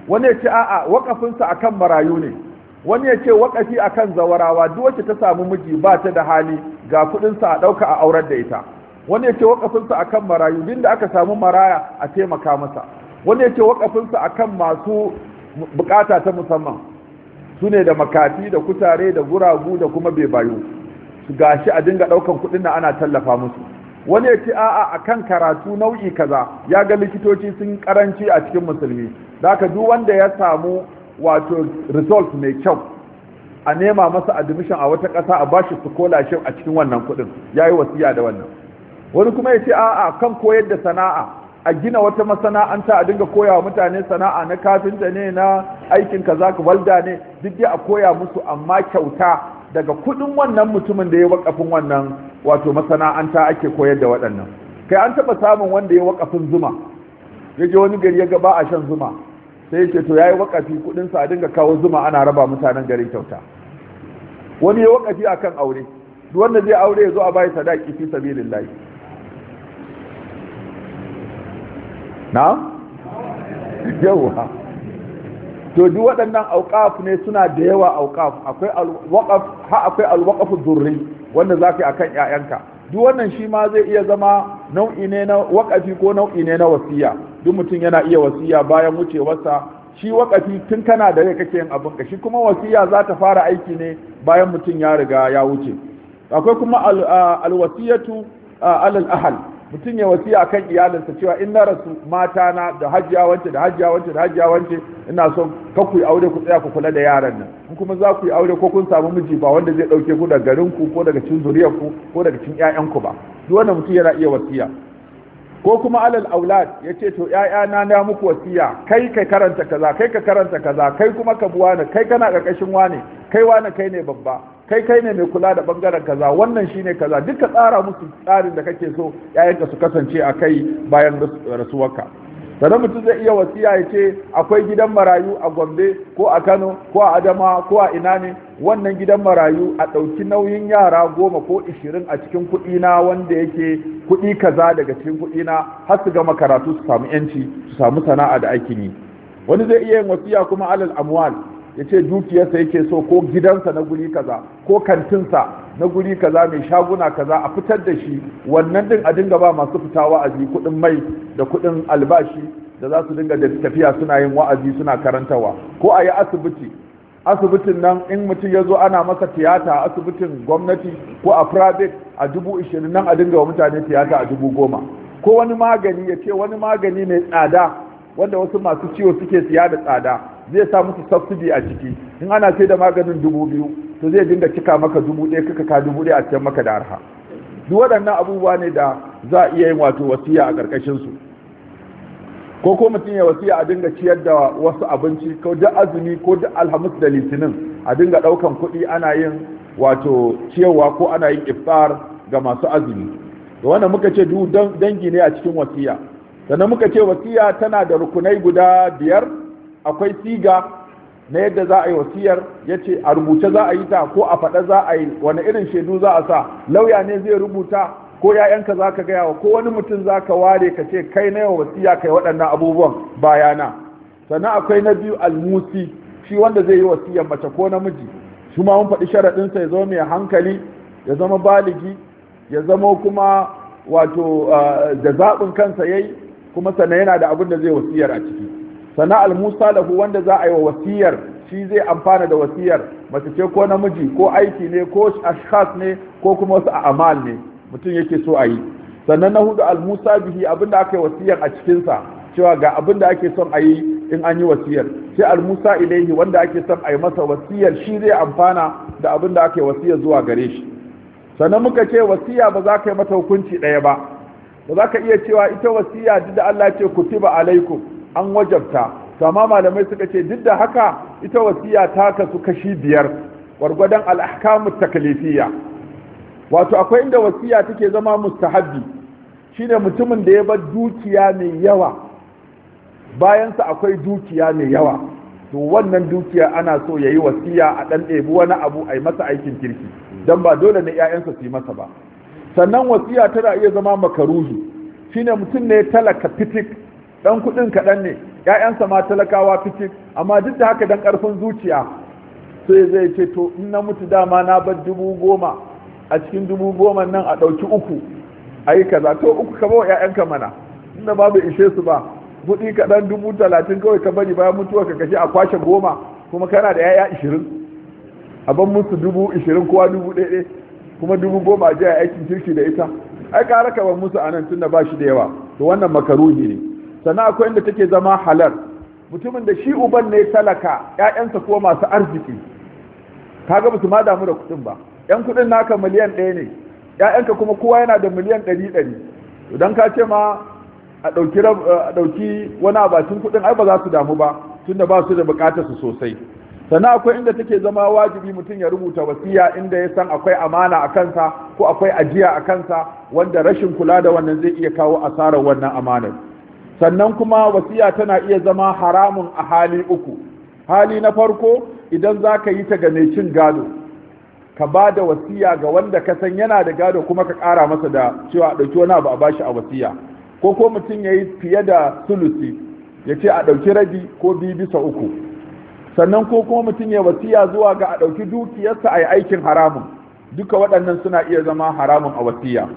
wani ya ce a'a wakafinsa akan marayu ne wani ya ce wakafi akan zawarawa duk wacce ta samu miji ba ta da hali ga kuɗinsa a ɗauka a aurar da ita wani ya ce wakafinsa akan marayu din da aka samu maraya a taimaka masa wani ya ce wakafinsa akan masu bukata ta musamman su ne da makafi da kutare da guragu da kuma bebayu gashi a dinga daukan kudin nan ana tallafa musu wani ya ce a'a akan karatu nau'i kaza ya ga likitoci sun karanci a cikin musulmi zaka duk wanda ya samu wato result mai kyau a nema masa admission a wata ƙasa a bashi scholarship a cikin wannan kudin yayi wasiya da wannan wani kuma ya ce a'a kan koyar da sana'a a gina wata masana'anta a dinga koya wa mutane sana'a na kafinta ne na aikin kaza ka walda ne duk dai a koya musu amma kyauta daga kudin wannan mutumin da ya wakafin wannan wato masana'anta ake koyar da waɗannan kai an taɓa samun wanda ya wakafin zuma ya je wani gari ya ga a shan zuma sai ya to ya yi wakafi sa a dinga kawo zuma ana raba mutanen garin kyauta wani ya wakafi a kan aure wanda zai aure ya zo a bayi sadaki fi sabilin na? yawa to duk waɗannan auƙaf ne suna da yawa auƙaf akwai waƙaf ha akwai alwaqafu durri wanda zaka akan 'ya'yanka. duk wannan shi ma zai iya zama nau'i ne na wakafi ko nau'i ne na wasiya duk mutum yana iya wasiya bayan wucewarsa shi wakafi tun kana da rai kake yin abin ka shi kuma wasiya za ta fara aiki ne bayan mutum ya riga ya wuce akwai kuma alwasiyatu alal ahal mutum ya wasiya kan iyalinsa cewa in na rasu mata na da hajiya wance da hajiya wance da hajiya wance ina so ka ku aure ku tsaya ku kula da yaran nan in kuma za ku yi aure ko kun samu miji ba wanda zai dauke ku daga garin ku ko daga cikin zuriyar ku ko daga cikin ƴaƴan ku ba duk wanda mutum yana iya wasiya ko kuma alal aulad yace to ƴaƴa na na muku wasiya kai ka karanta kaza kai ka karanta kaza kai kuma ka buwa kai kana karkashin wane kai wane kai ne babba kai kai ne mai kula da bangaren kaza wannan shine kaza duka tsara musu tsarin da kake so yayanka su kasance a kai bayan rasuwarka sannan mutum zai iya wasiya ya ce akwai gidan marayu a gombe ko a kano ko a adama ko a ina ne wannan gidan marayu a ɗauki nauyin yara goma ko ishirin a cikin kuɗina wanda yake kuɗi kaza daga cikin kuɗi na har su gama karatu su samu yanci su samu sana'a da aikin yi wani zai iya yin wasiya kuma alal amwal ya ce dukiyarsa yake so ko gidansa na guri kaza ko kantinsa na guri kaza mai shaguna kaza a fitar da shi wannan din a dinga ba masu fita wa'azi kuɗin mai da kuɗin albashi da za su dinga tafiya suna yin wa'azi suna karantawa ko a yi asibiti asibitin nan in mutum ya zo ana masa tiyata a asibitin gwamnati ko a private a dubu ishirin nan a dinga wa mutane tiyata a dubu goma ko wani magani ya ce wani magani mai tsada wanda wasu masu ciwo suke siya da tsada zai sa musu subsidy a ciki in ana sai da maganin dubu biyu to zai dinga cika maka dubu ɗaya kaka ka dubu ɗaya a cikin maka da arha duk waɗannan abubuwa ne da za a iya yin wato wasiya a ƙarƙashin su ko ko mutum ya wasiya a dinga ciyar da wasu abinci ko duk azumi ko duk alhamis da litinin a dinga ɗaukan kuɗi ana yin wato ciyarwa ko ana yin iftar ga masu azumi da wannan muka ce duk dangi ne a cikin wasiya sannan muka ce wasiya tana da rukunai guda biyar akwai siga na yadda za a yi wasiyar ya ce a rubuce za a yi ta ko a faɗa za a yi wani irin shaidu za a sa lauya ne zai rubuta ko ya'yanka za ka gaya wa ko wani mutum za ka ware ka ce kai na yawa wasiya kai waɗannan abubuwan bayana sannan akwai na biyu almusi shi wanda zai yi wasiyar mace ko namiji shi ma mun faɗi sharaɗinsa ya zama mai hankali ya zama baligi ya zama kuma wato ah, da zaɓin kansa ya yi kuma sannan yana da abin da zai wasiyar a ciki sana al-musa lahu wanda za a yi wa wasiyar shi zai amfana da wasiyar mace ce ko namiji ko aiki ne ko ashkhas ne ko kuma wasu a'mal ne mutum yake so a yi sannan na hudu al-musa bihi abinda aka yi wasiyar a cikin sa cewa ga abinda ake son a yi in an yi wasiyar sai al-musa ilaihi wanda ake son a yi masa wasiyar shi zai amfana da abinda aka yi wasiyar zuwa gare shi sannan muka ce wasiya ba za ka yi mata hukunci ɗaya ba ba za ka iya cewa ita wasiya duk da Allah ce kutiba alaikum an wajabta to amma malamai suka ce duk da haka ita wasiya ta kasu kashi biyar gwargwadon al'ahkamu takalifiya wato akwai inda wasiya take zama mustahabbi shine mutumin da ya bar dukiya mai yawa bayan bayansa akwai dukiya mai yawa to wannan dukiya ana so ya yi wasiya a ɗan ɗebi wani abu a yi masa aikin kirki dan ba dole ne 'ya'yansa su yi masa ba sannan wasiya tana iya zama makaruhi shine mutum ne talaka fitik dan kuɗin kaɗan ne ƴaƴansa ma talakawa fice amma duk da haka dan ƙarfin zuciya sai zai ce to in na mutu dama na bar dubu goma a cikin dubu goma nan a ɗauki uku a yi kaza to uku ka bawa ƴaƴanka mana inda babu ishe su ba kuɗi kaɗan dubu talatin kawai ka bari bayan mutuwa ka kashe a kwashe goma kuma kana da 'ya'ya ishirin a ban musu dubu ishirin kowa dubu ɗaya kuma dubu goma a je aikin kirki da ita ai ƙara ka ban musu a anan tunda ba shi da yawa to wannan makaruhi ne sannan akwai inda take zama halar. mutumin da shi uban ne talaka ƴaƴansa kuwa masu arziki kaga ba su ma damu da kuɗin ba ƴan kuɗin naka miliyan ɗaya ne ƴaƴanka kuma kowa yana da miliyan ɗari ɗari idan ka ce ma a ɗauki a ɗauki wani abacin kuɗin ai ba za su damu ba tunda ba su da buƙatar su sosai sannan akwai inda take zama wajibi mutum ya rubuta wasiya inda ya san akwai amana a kansa ko akwai ajiya a kansa wanda rashin kula da wannan zai iya kawo asarar wannan amanar sannan kuma wasiya tana iya zama haramun a hali uku hali na farko idan za ka yi ta ga mai cin gado ka ba da wasiya ga wanda ka san yana da gado kuma ka kara masa da cewa a ɗauki wani abu a bashi a wasiya ko ko mutum ya yi fiye da sulusi ya ce a ɗauki rabi ko biyu bisa uku sannan ko kuma mutum ya wasiya zuwa ga a ɗauki dukiyarsa a yi aikin haramun duka waɗannan suna iya zama haramun a wasiya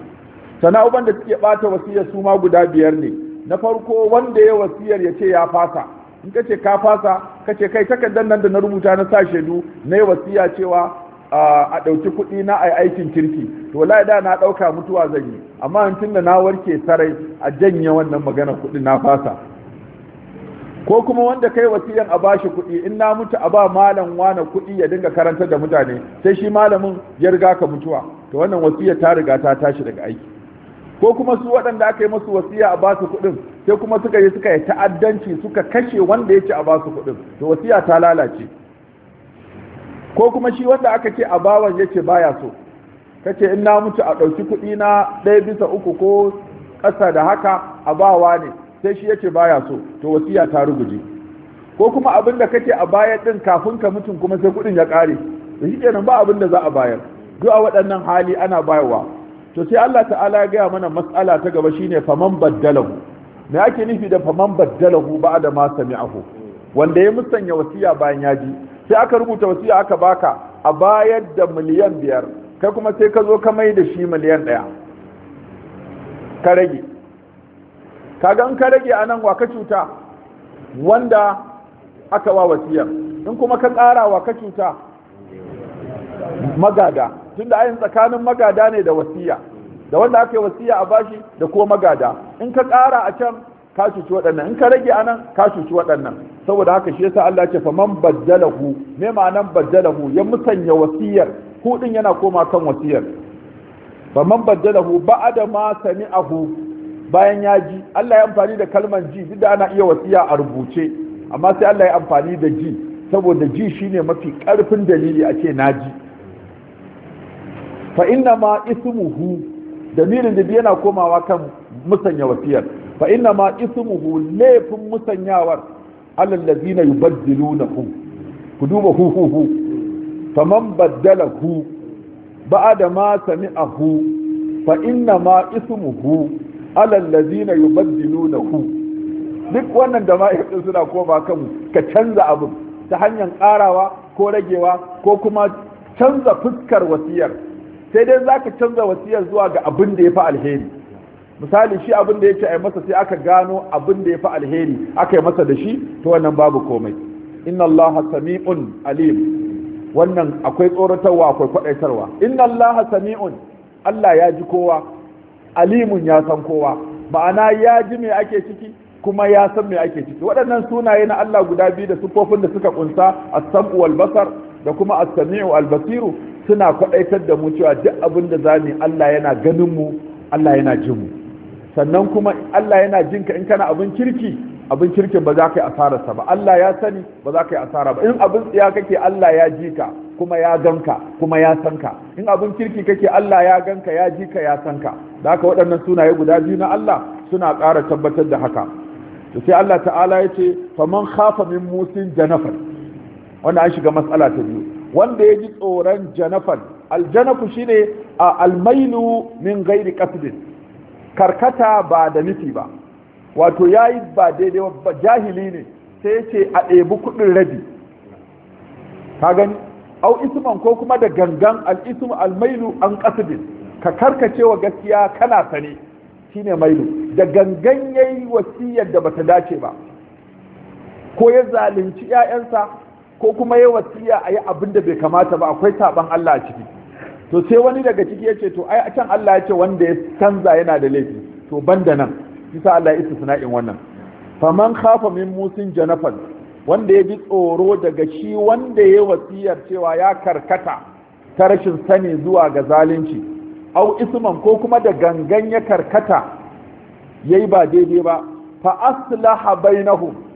sana'uban da suke ɓata wasiya su ma guda biyar ne na farko wanda ya wasiyar ya ce ya fasa in ka ce ka fasa ka ce kai takardar nan da na rubuta na sa shaidu na yi wasiya cewa a ɗauki kuɗi na a aikin kirki to da na ɗauka mutuwa zan yi amma in tun da na warke sarai a janye wannan magana kuɗi na fasa ko kuma wanda kai wasiyan a bashi kuɗi in na mutu a ba malam wani kuɗi ya dinga karantar da mutane sai shi malamin ya riga ka mutuwa to wannan wasiyar ta riga ta tashi daga aiki ko kuma su waɗanda aka yi masu wasiya a basu kuɗin sai kuma suka yi suka yi ta'addanci suka kashe wanda ya a basu kuɗin to wasiya ta lalace ko kuma shi wanda aka ce a bawan ya ce baya so ka ce in na mutu a ɗauki kuɗi na ɗaya bisa uku ko ƙasa da haka a bawa ne sai shi ya ce baya so to wasiya ta ruguje ko kuma abin da kake a bayar ɗin kafin ka mutum kuma sai kuɗin ya ƙare da shi kenan ba abin da za a bayar duk a waɗannan hali ana bayarwa to sai Allah ta'ala ya gaya mana matsala ta gaba shine faman baddalahu me ake nufi da faman baddalahu ba'da ma sami'ahu wanda ya musanya wasiya bayan ya ji sai aka rubuta wasiya aka baka a bayar da miliyan biyar kai kuma sai ka zo ka mai da shi miliyan ɗaya ka rage kaga in ka rage a nan wa ka cuta wanda aka wa wasiyar in kuma ka ƙara wa ka cuta magada tunda ayin tsakanin magada ne da wasiya da wanda ake wasiya a bashi da ko magada in ka ƙara a can ka cuci waɗannan in ka rage anan ka cuci waɗannan saboda haka shi yasa Allah ya ce fa man baddalahu me ma'anan baddalahu ya musanya wasiyar hudin yana koma kan wasiyar fa man baddalahu ba'da ma sami'ahu bayan ya ji Allah ya amfani da kalman ji duk da ana iya wasiya a rubuce amma sai Allah ya amfani da ji saboda ji shine mafi karfin dalili a ce na ji fa inna ma ismuhu dalilin da yana komawa kan musanya wasiyar fa inna ma ismuhu laifin musanyawar alal ladina yubaddilunahu ku duba hu hu hu man baddalahu ba'da ma sami'ahu fa inna ma ismuhu alal ladina yubaddilunahu duk wannan da ma'aikatan suna koma kan ka canza abin ta hanyar karawa ko ragewa ko kuma canza fuskar wasiyar sai dai za ka canza wasiyar zuwa ga abin da ya fi alheri misali shi abin da ya ce a masa sai aka gano abin da ya fi alheri aka yi masa da shi to wannan babu komai inna allaha sami'un alim wannan akwai tsoratarwa akwai kwadaitarwa inna allaha sami'un allah ya ji kowa alimun ya san kowa ma'ana ya ji me ake ciki kuma ya san me ake ciki waɗannan sunaye na Allah guda biyu da sifofin da suka kunsa as-sam'u wal basar da kuma as-sami'u al basiru suna kwaɗaitar da mu cewa duk abin da za mu Allah yana ganin mu Allah yana jin mu sannan kuma Allah yana jin ka in kana abin kirki abin kirkin ba za ka yi asararsa ba Allah ya sani ba za ka yi asara ba in abin tsiya kake Allah ya ji ka kuma ya ganka kuma ya san ka in abin kirki kake Allah ya ganka ya ji ka ya san ka da haka waɗannan sunaye guda biyu na Allah suna ƙara tabbatar da haka to sai Allah ta'ala ya ce faman khafa min musin janafar wannan an shiga matsala ta biyu wanda ya ji tsoron janafan aljanafu shi ne a almailu min gairi qasdin karkata ba da nufi ba wato ya yi ba daidai ba jahili ne sai ce a ɗebi kuɗin rabi ka gani au isman ko kuma da gangan al almailu an qasdin ka karkacewa gaskiya kana sane shine mailu da gangan yayi wasiyar da bata dace ba ko ya zalunci 'ya'yansa ko kuma ya wasiya a yi abin da bai kamata ba akwai saban Allah a ciki to sai wani daga ciki ya ce to ai can Allah ya ce wanda ya canza yana da laifi to ban da nan kisa Allah ya in wannan faman khafa min musin janafan wanda ya bi tsoro daga shi wanda ya yi wasiyar cewa ya karkata ta rashin sani zuwa ga zalunci au isman ko kuma da gangan ya karkata yayi ba daidai ba fa aslaha bainahum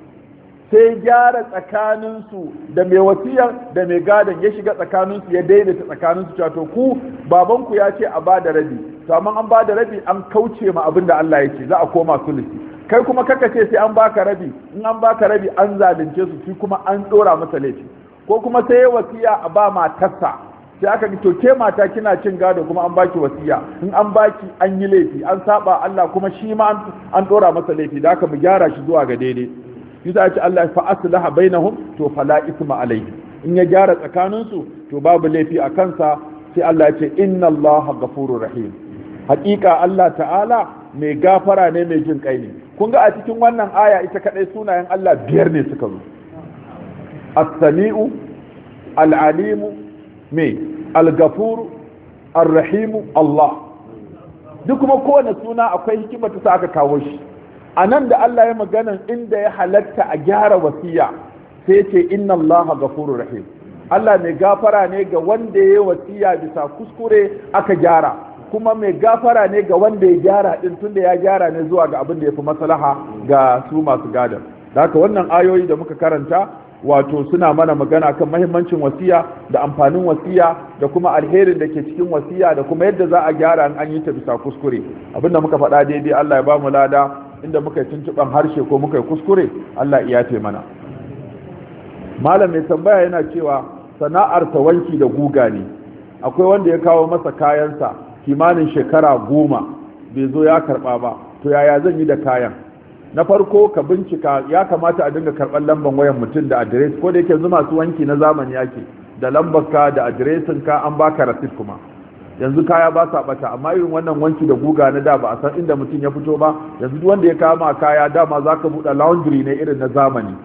sai gyara tsakaninsu da mai wasiya da mai gadon ya shiga tsakaninsu ya daidaita tsakaninsu cewa to ku babanku ya ce a ba da rabi to amma an da rabi an kauce ma abin da Allah ya ce za a koma sulusi kai kuma kaka ce sai an baka rabi in an baka rabi an zalunce su shi kuma an dora masa laifi ko kuma sai ya wasiya a ba matarsa sai aka ga to ke mata kina cin gado kuma an baki wasiya in an baki an yi laifi an saba Allah kuma shi ma an dora masa laifi da aka mu gyara shi zuwa ga daidai yasa ya ce Allah fa aslaha bainahum to fala isma alayhi in ya gyara tsakaninsu to babu laifi a kansa sai Allah ya ce inna Allah ghafurur rahim haƙiƙa Allah ta'ala mai gafara ne mai jin kai ne kun ga a cikin wannan aya ita kadai sunayen Allah biyar ne suka zo as-sami'u al-alimu me al-ghafur ar-rahim Allah duk kuma kowane suna akwai hikimar ta aka kawo shi a nan da Allah ya magana inda ya halatta a gyara wasiya sai ce inna Allah ga rahim Allah mai gafara ne ga wanda ya yi wasiya bisa kuskure aka gyara kuma mai gafara ne ga wanda ya gyara din tunda ya gyara ne zuwa ga abin da ya fi maslaha ga su masu gadar haka wannan ayoyi da muka karanta wato suna mana magana kan mahimmancin wasiya da amfanin wasiya da kuma alherin da ke cikin wasiya da kuma yadda za a gyara an yi ta bisa kuskure Abin da muka faɗa daidai Allah ya bamu lada inda muka yi tuntuɓan harshe ko muka yi kuskure Allah iya ce mana malam mai tambaya yana cewa sana'arsa wanki da guga ne akwai wanda ya kawo masa kayansa kimanin shekara goma bai zo ya karɓa ba to yaya zan yi da kayan na farko ka bincika ya kamata a dinga karɓar lambar wayan mutum da adires ko da yake zuma masu wanki na zamani yake da lambarka da ka an baka rasit kuma yanzu kaya ba sa bata amma irin wannan wanki da guga na da ba a san inda mutum ya fito ba yanzu duk wanda ya kama kaya dama za ka buɗe laundry ne irin na zamani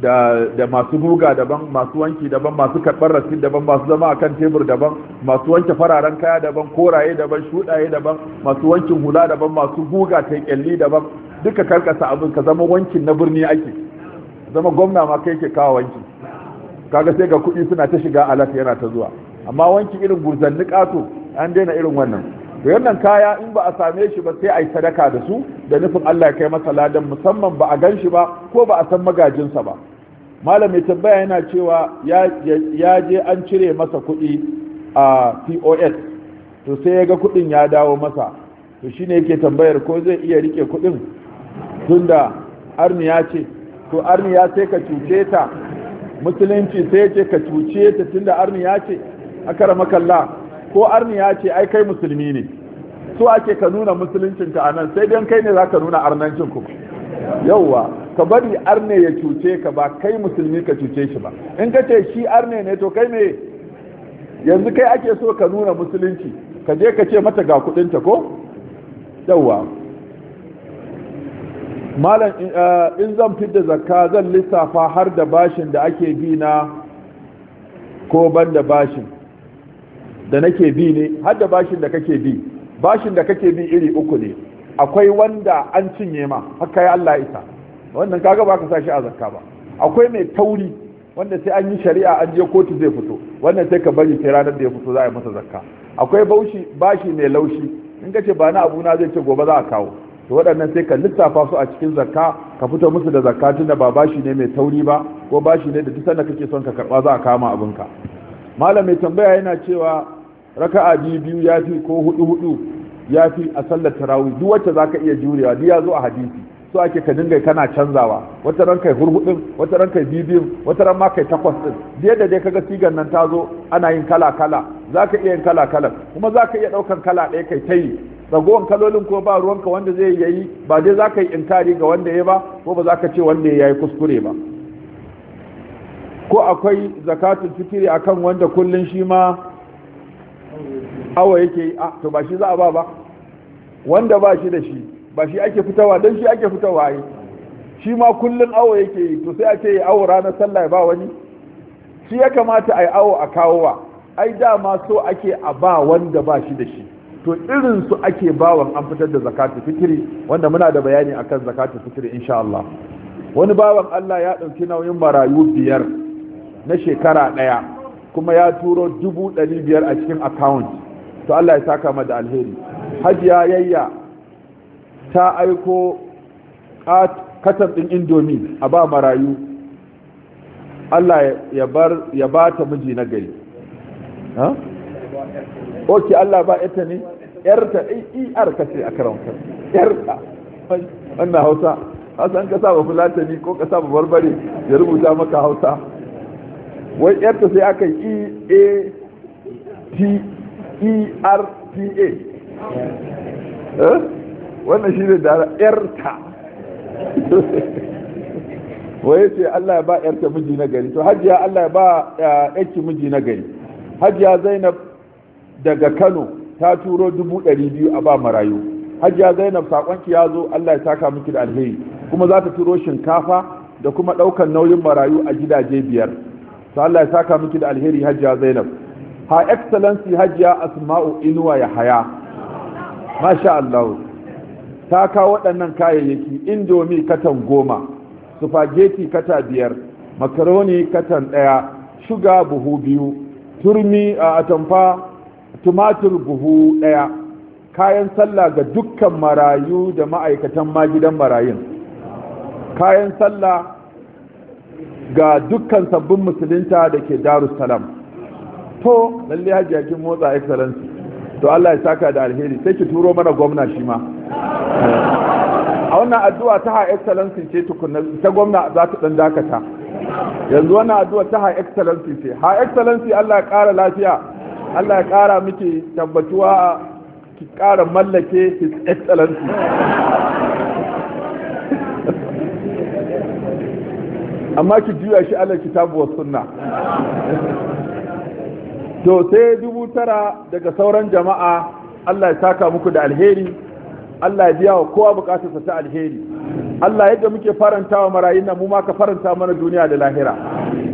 da masu guga daban masu wanki daban masu karɓar rasin daban masu zama a kan tebur daban masu wanke fararen kaya daban koraye daban shuɗaye daban masu wankin hula daban masu guga ta kyalli daban duka karkasa abin ka zama wankin na birni ake zama gwamna ma kai ke kawo wanki kaga sai ga kuɗi suna ta shiga alat yana ta zuwa amma wanki irin gurzan ƙato an daina irin wannan to wannan kaya in ba a same shi ba sai a sadaka da su da nufin Allah ya kai masa ladan musamman ba a gan shi ba ko ba a san magajinsa ba malam mai tambaya yana cewa ya je an cire masa kuɗi a pos to sai ya ga kuɗin ya dawo masa to shine yake tambayar ko zai iya rike kuɗin tunda ya ce to Arni ya sai ka cuce ta musulunci sai ya ce ka cuce ta tunda ya ce akaramakalla ko arniya ce ai kai musulmi ne so ake ka nuna musuluncinka a nan sai dan kai ne za ka nuna arnancin ku? yauwa ka bari arne ya cuce ka ba kai musulmi ka cuce shi ba in ka ce shi arne ne to kai me yanzu kai ake so ka nuna musulunci ka je ka ce mata ga kudinta ko yauwa malam eh, in zan fidda zakka zan lissafa har da bashin da ake bi na ko ban da bashin da nake bi ne har da bashin da kake bi bashin da kake bi iri uku ne akwai wanda an cinye ma haka ya Allah isa wannan kaga baka ka sa shi a zakka ba akwai mai tauri wanda sai an yi shari'a an je kotu zai fito wannan sai ka bari sai ranar da ya fito za a yi masa zakka akwai baushi bashi mai laushi in ka ce ba na abu na zai ce gobe za a kawo to waɗannan sai ka lissafa su a cikin zakka ka fito musu da zakka da ba bashi ne mai tauri ba ko bashi ne da duk sanda kake son ka karba za a kama abinka malam mai tambaya yana cewa raka'a biyu biyu ya fi ko hudu hudu ya fi a sallar tarawi duk wacce zaka iya jurewa duk ya a hadisi so ake ka dinga kana canzawa wata ran kai hurhudin wata ran kai bibiyun wata ran ma kai takwas din da yadda dai kaga sigan nan ta zo ana yin kala kala zaka iya yin kala kala kuma zaka iya daukan kala ɗaya kai tayi ragowan kalolin ko ba ruwanka wanda zai yayi ba dai zaka yi inkari ga wanda ya ba ko ba zaka ce wanda ya yi kuskure ba ko akwai zakatul fitiri akan wanda kullun shi ma awa yake yi a ah, to ba shi za a ba ba wanda ba shi da shi ba shi ake fitawa don shi ake fitawa yi shi ma kullum awo yake yi to sai ake yi awa ranar sallah ba wani shi ya kamata a yi awo a kawowa ai dama so ake a ba wanda ba shi da shi to irin su ake bawan an fitar da zakatu fitiri wanda muna da bayani akan zakatu fitiri insha Allah wani bawan Allah ya ɗauki nauyin marayu biyar na shekara ɗaya kuma ya turo dubu ɗari biyar a cikin account to Allah ya saka mata da alheri hajiya yayya ta aiko katar din indomi a ba marayu Allah ya bar ya ba ta miji na gari ha oke Allah ba ita ne yarta er ka ce a karamta yarta wannan hausa hasan ka saba fulatani ko ka saba barbare ya rubuta maka hausa wai yarta sai aka yi a t erpa eh? wannan shi ne da yarta waye ce Allah ya ba yarta miji na gari to hajiya Allah ya ba yarki eh, miji na gari hajiya Zainab daga Kano ta turo dubu biyu a ba marayu hajiya Zainab sakonki ya zo Allah ya saka miki da alheri kuma za ta turo shinkafa da kuma daukan nauyin marayu a gidaje biyar to Allah ya saka miki da alheri hajiya Zainab ha excellency hajiya asma'u inuwa ya haya masha Allah ta kawo waɗannan kayayyaki indomi katan goma spaghetti kata biyar makaroni katan ɗaya shuga buhu biyu turmi a atamfa tumatur buhu ɗaya kayan sallah ga dukkan marayu da ma'aikatan gidan marayun kayan sallah ga dukkan sabbin musulunta da ke darussalam to lalle hajji yakin motsa excellence to Allah ya saka da alheri sai ki turo mana gwamna shi ma a wannan addu'a ta high excellence ce tukunna ta gwamna za ta dan dakata yanzu wannan addu'a ta high excellence ce high excellence Allah ya kara lafiya Allah ya kara miki tabbatuwa ki kara mallake his excellence amma ki juya shi Allah kitabu wa sunna to sai dubu tara daga sauran jama'a Allah ya saka muku da alheri Allah ya biya wa kowa bukatarsa ta alheri Allah yadda muke faranta wa marayun nan mu ma ka faranta mana duniya da lahira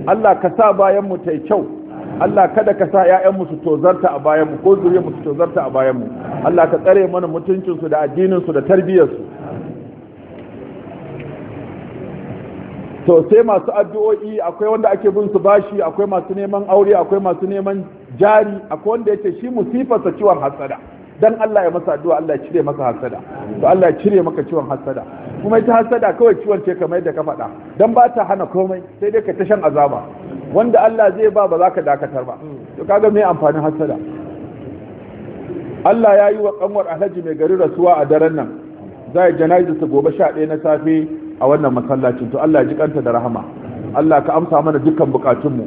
Allah ka sa bayan mu tai kyau Allah kada ka sa ‘ya'yanmu su tozarta a bayanmu ko mu su tozarta a bayanmu Allah ka tsare mana mutuncinsu da addininsu da tarbiyyarsu to sai masu addu'o'i akwai wanda ake bin su bashi akwai masu neman aure akwai masu neman jari akwai wanda yake shi musifarsa ciwon hasada dan Allah ya masa addu'a Allah ya cire masa hasada to Allah ya cire maka ciwon hasada kuma ita hasada kawai ciwon ce kamar yadda ka faɗa dan ba ta hana komai sai dai ka ta shan azaba wanda Allah zai ba ba za ka dakatar ba to kaga me amfanin hasada Allah ya yi wa kanwar Alhaji mai gari rasuwa a daren nan zai jana'iza gobe 11 na safe a wannan masallacin to Allah ya ji kanta da rahama Allah ka amsa mana dukkan mu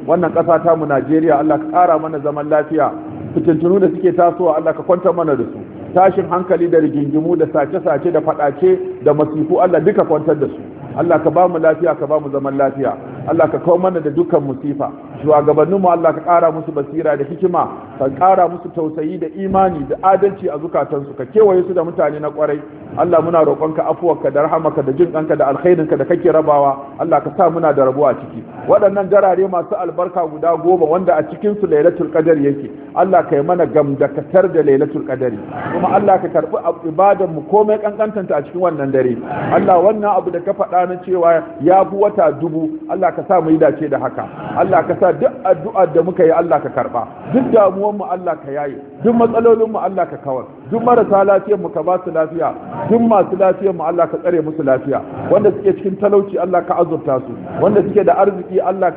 wannan ƙasa ta mu Najeriya Allah ka ƙara mana zaman lafiya fitintunu da suke tasowa Allah ka kwanta mana da su tashin hankali da rigingimu da sace-sace da faɗace da masifu Allah duka kwantar da su Allah ka ba mu lafiya ka ba mu zaman lafiya Allah ka kawo mana da dukkan musifa shugabanninmu Allah ka ƙara musu basira da hikima ka ƙara musu tausayi da imani da adalci a zukatansu ka kewaye su da mutane na ƙwarai Allah muna roƙonka ka da rahamarka da jin ɗanka da alkhairinka da kake rabawa Allah ka sa muna da rabuwa ciki waɗannan darare masu albarka guda goma wanda a cikin su lailatul qadar yake Allah ka yi mana gamdakatar da lailatul qadari kuma Allah ka karbi ibadan mu komai kankantanta a cikin wannan dare Allah wannan abu da ka faɗa na cewa ya bu wata dubu Allah ka sa mu yi dace da haka Allah ka sa sa duk addu'ar da muka yi Allah ka karba duk damuwar mu Allah ka yaye duk matsalolin mu Allah ka kawar duk marasa lafiyar mu ka ba su lafiya duk masu lafiyar mu Allah ka tsare musu lafiya wanda suke cikin talauci Allah ka azurta su wanda suke da arziki Allah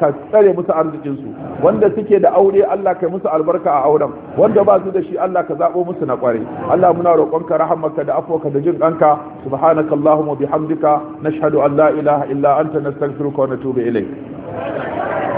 ka tsare musu arzikin su wanda suke da aure Allah ka musu albarka a auren wanda ba su da shi Allah ka zabo musu na kware Allah muna roƙonka rahamarka da afoka da jin kanka subhanakallahumma bihamdika nashhadu an la ilaha illa anta nastaghfiruka wa natubu ilayk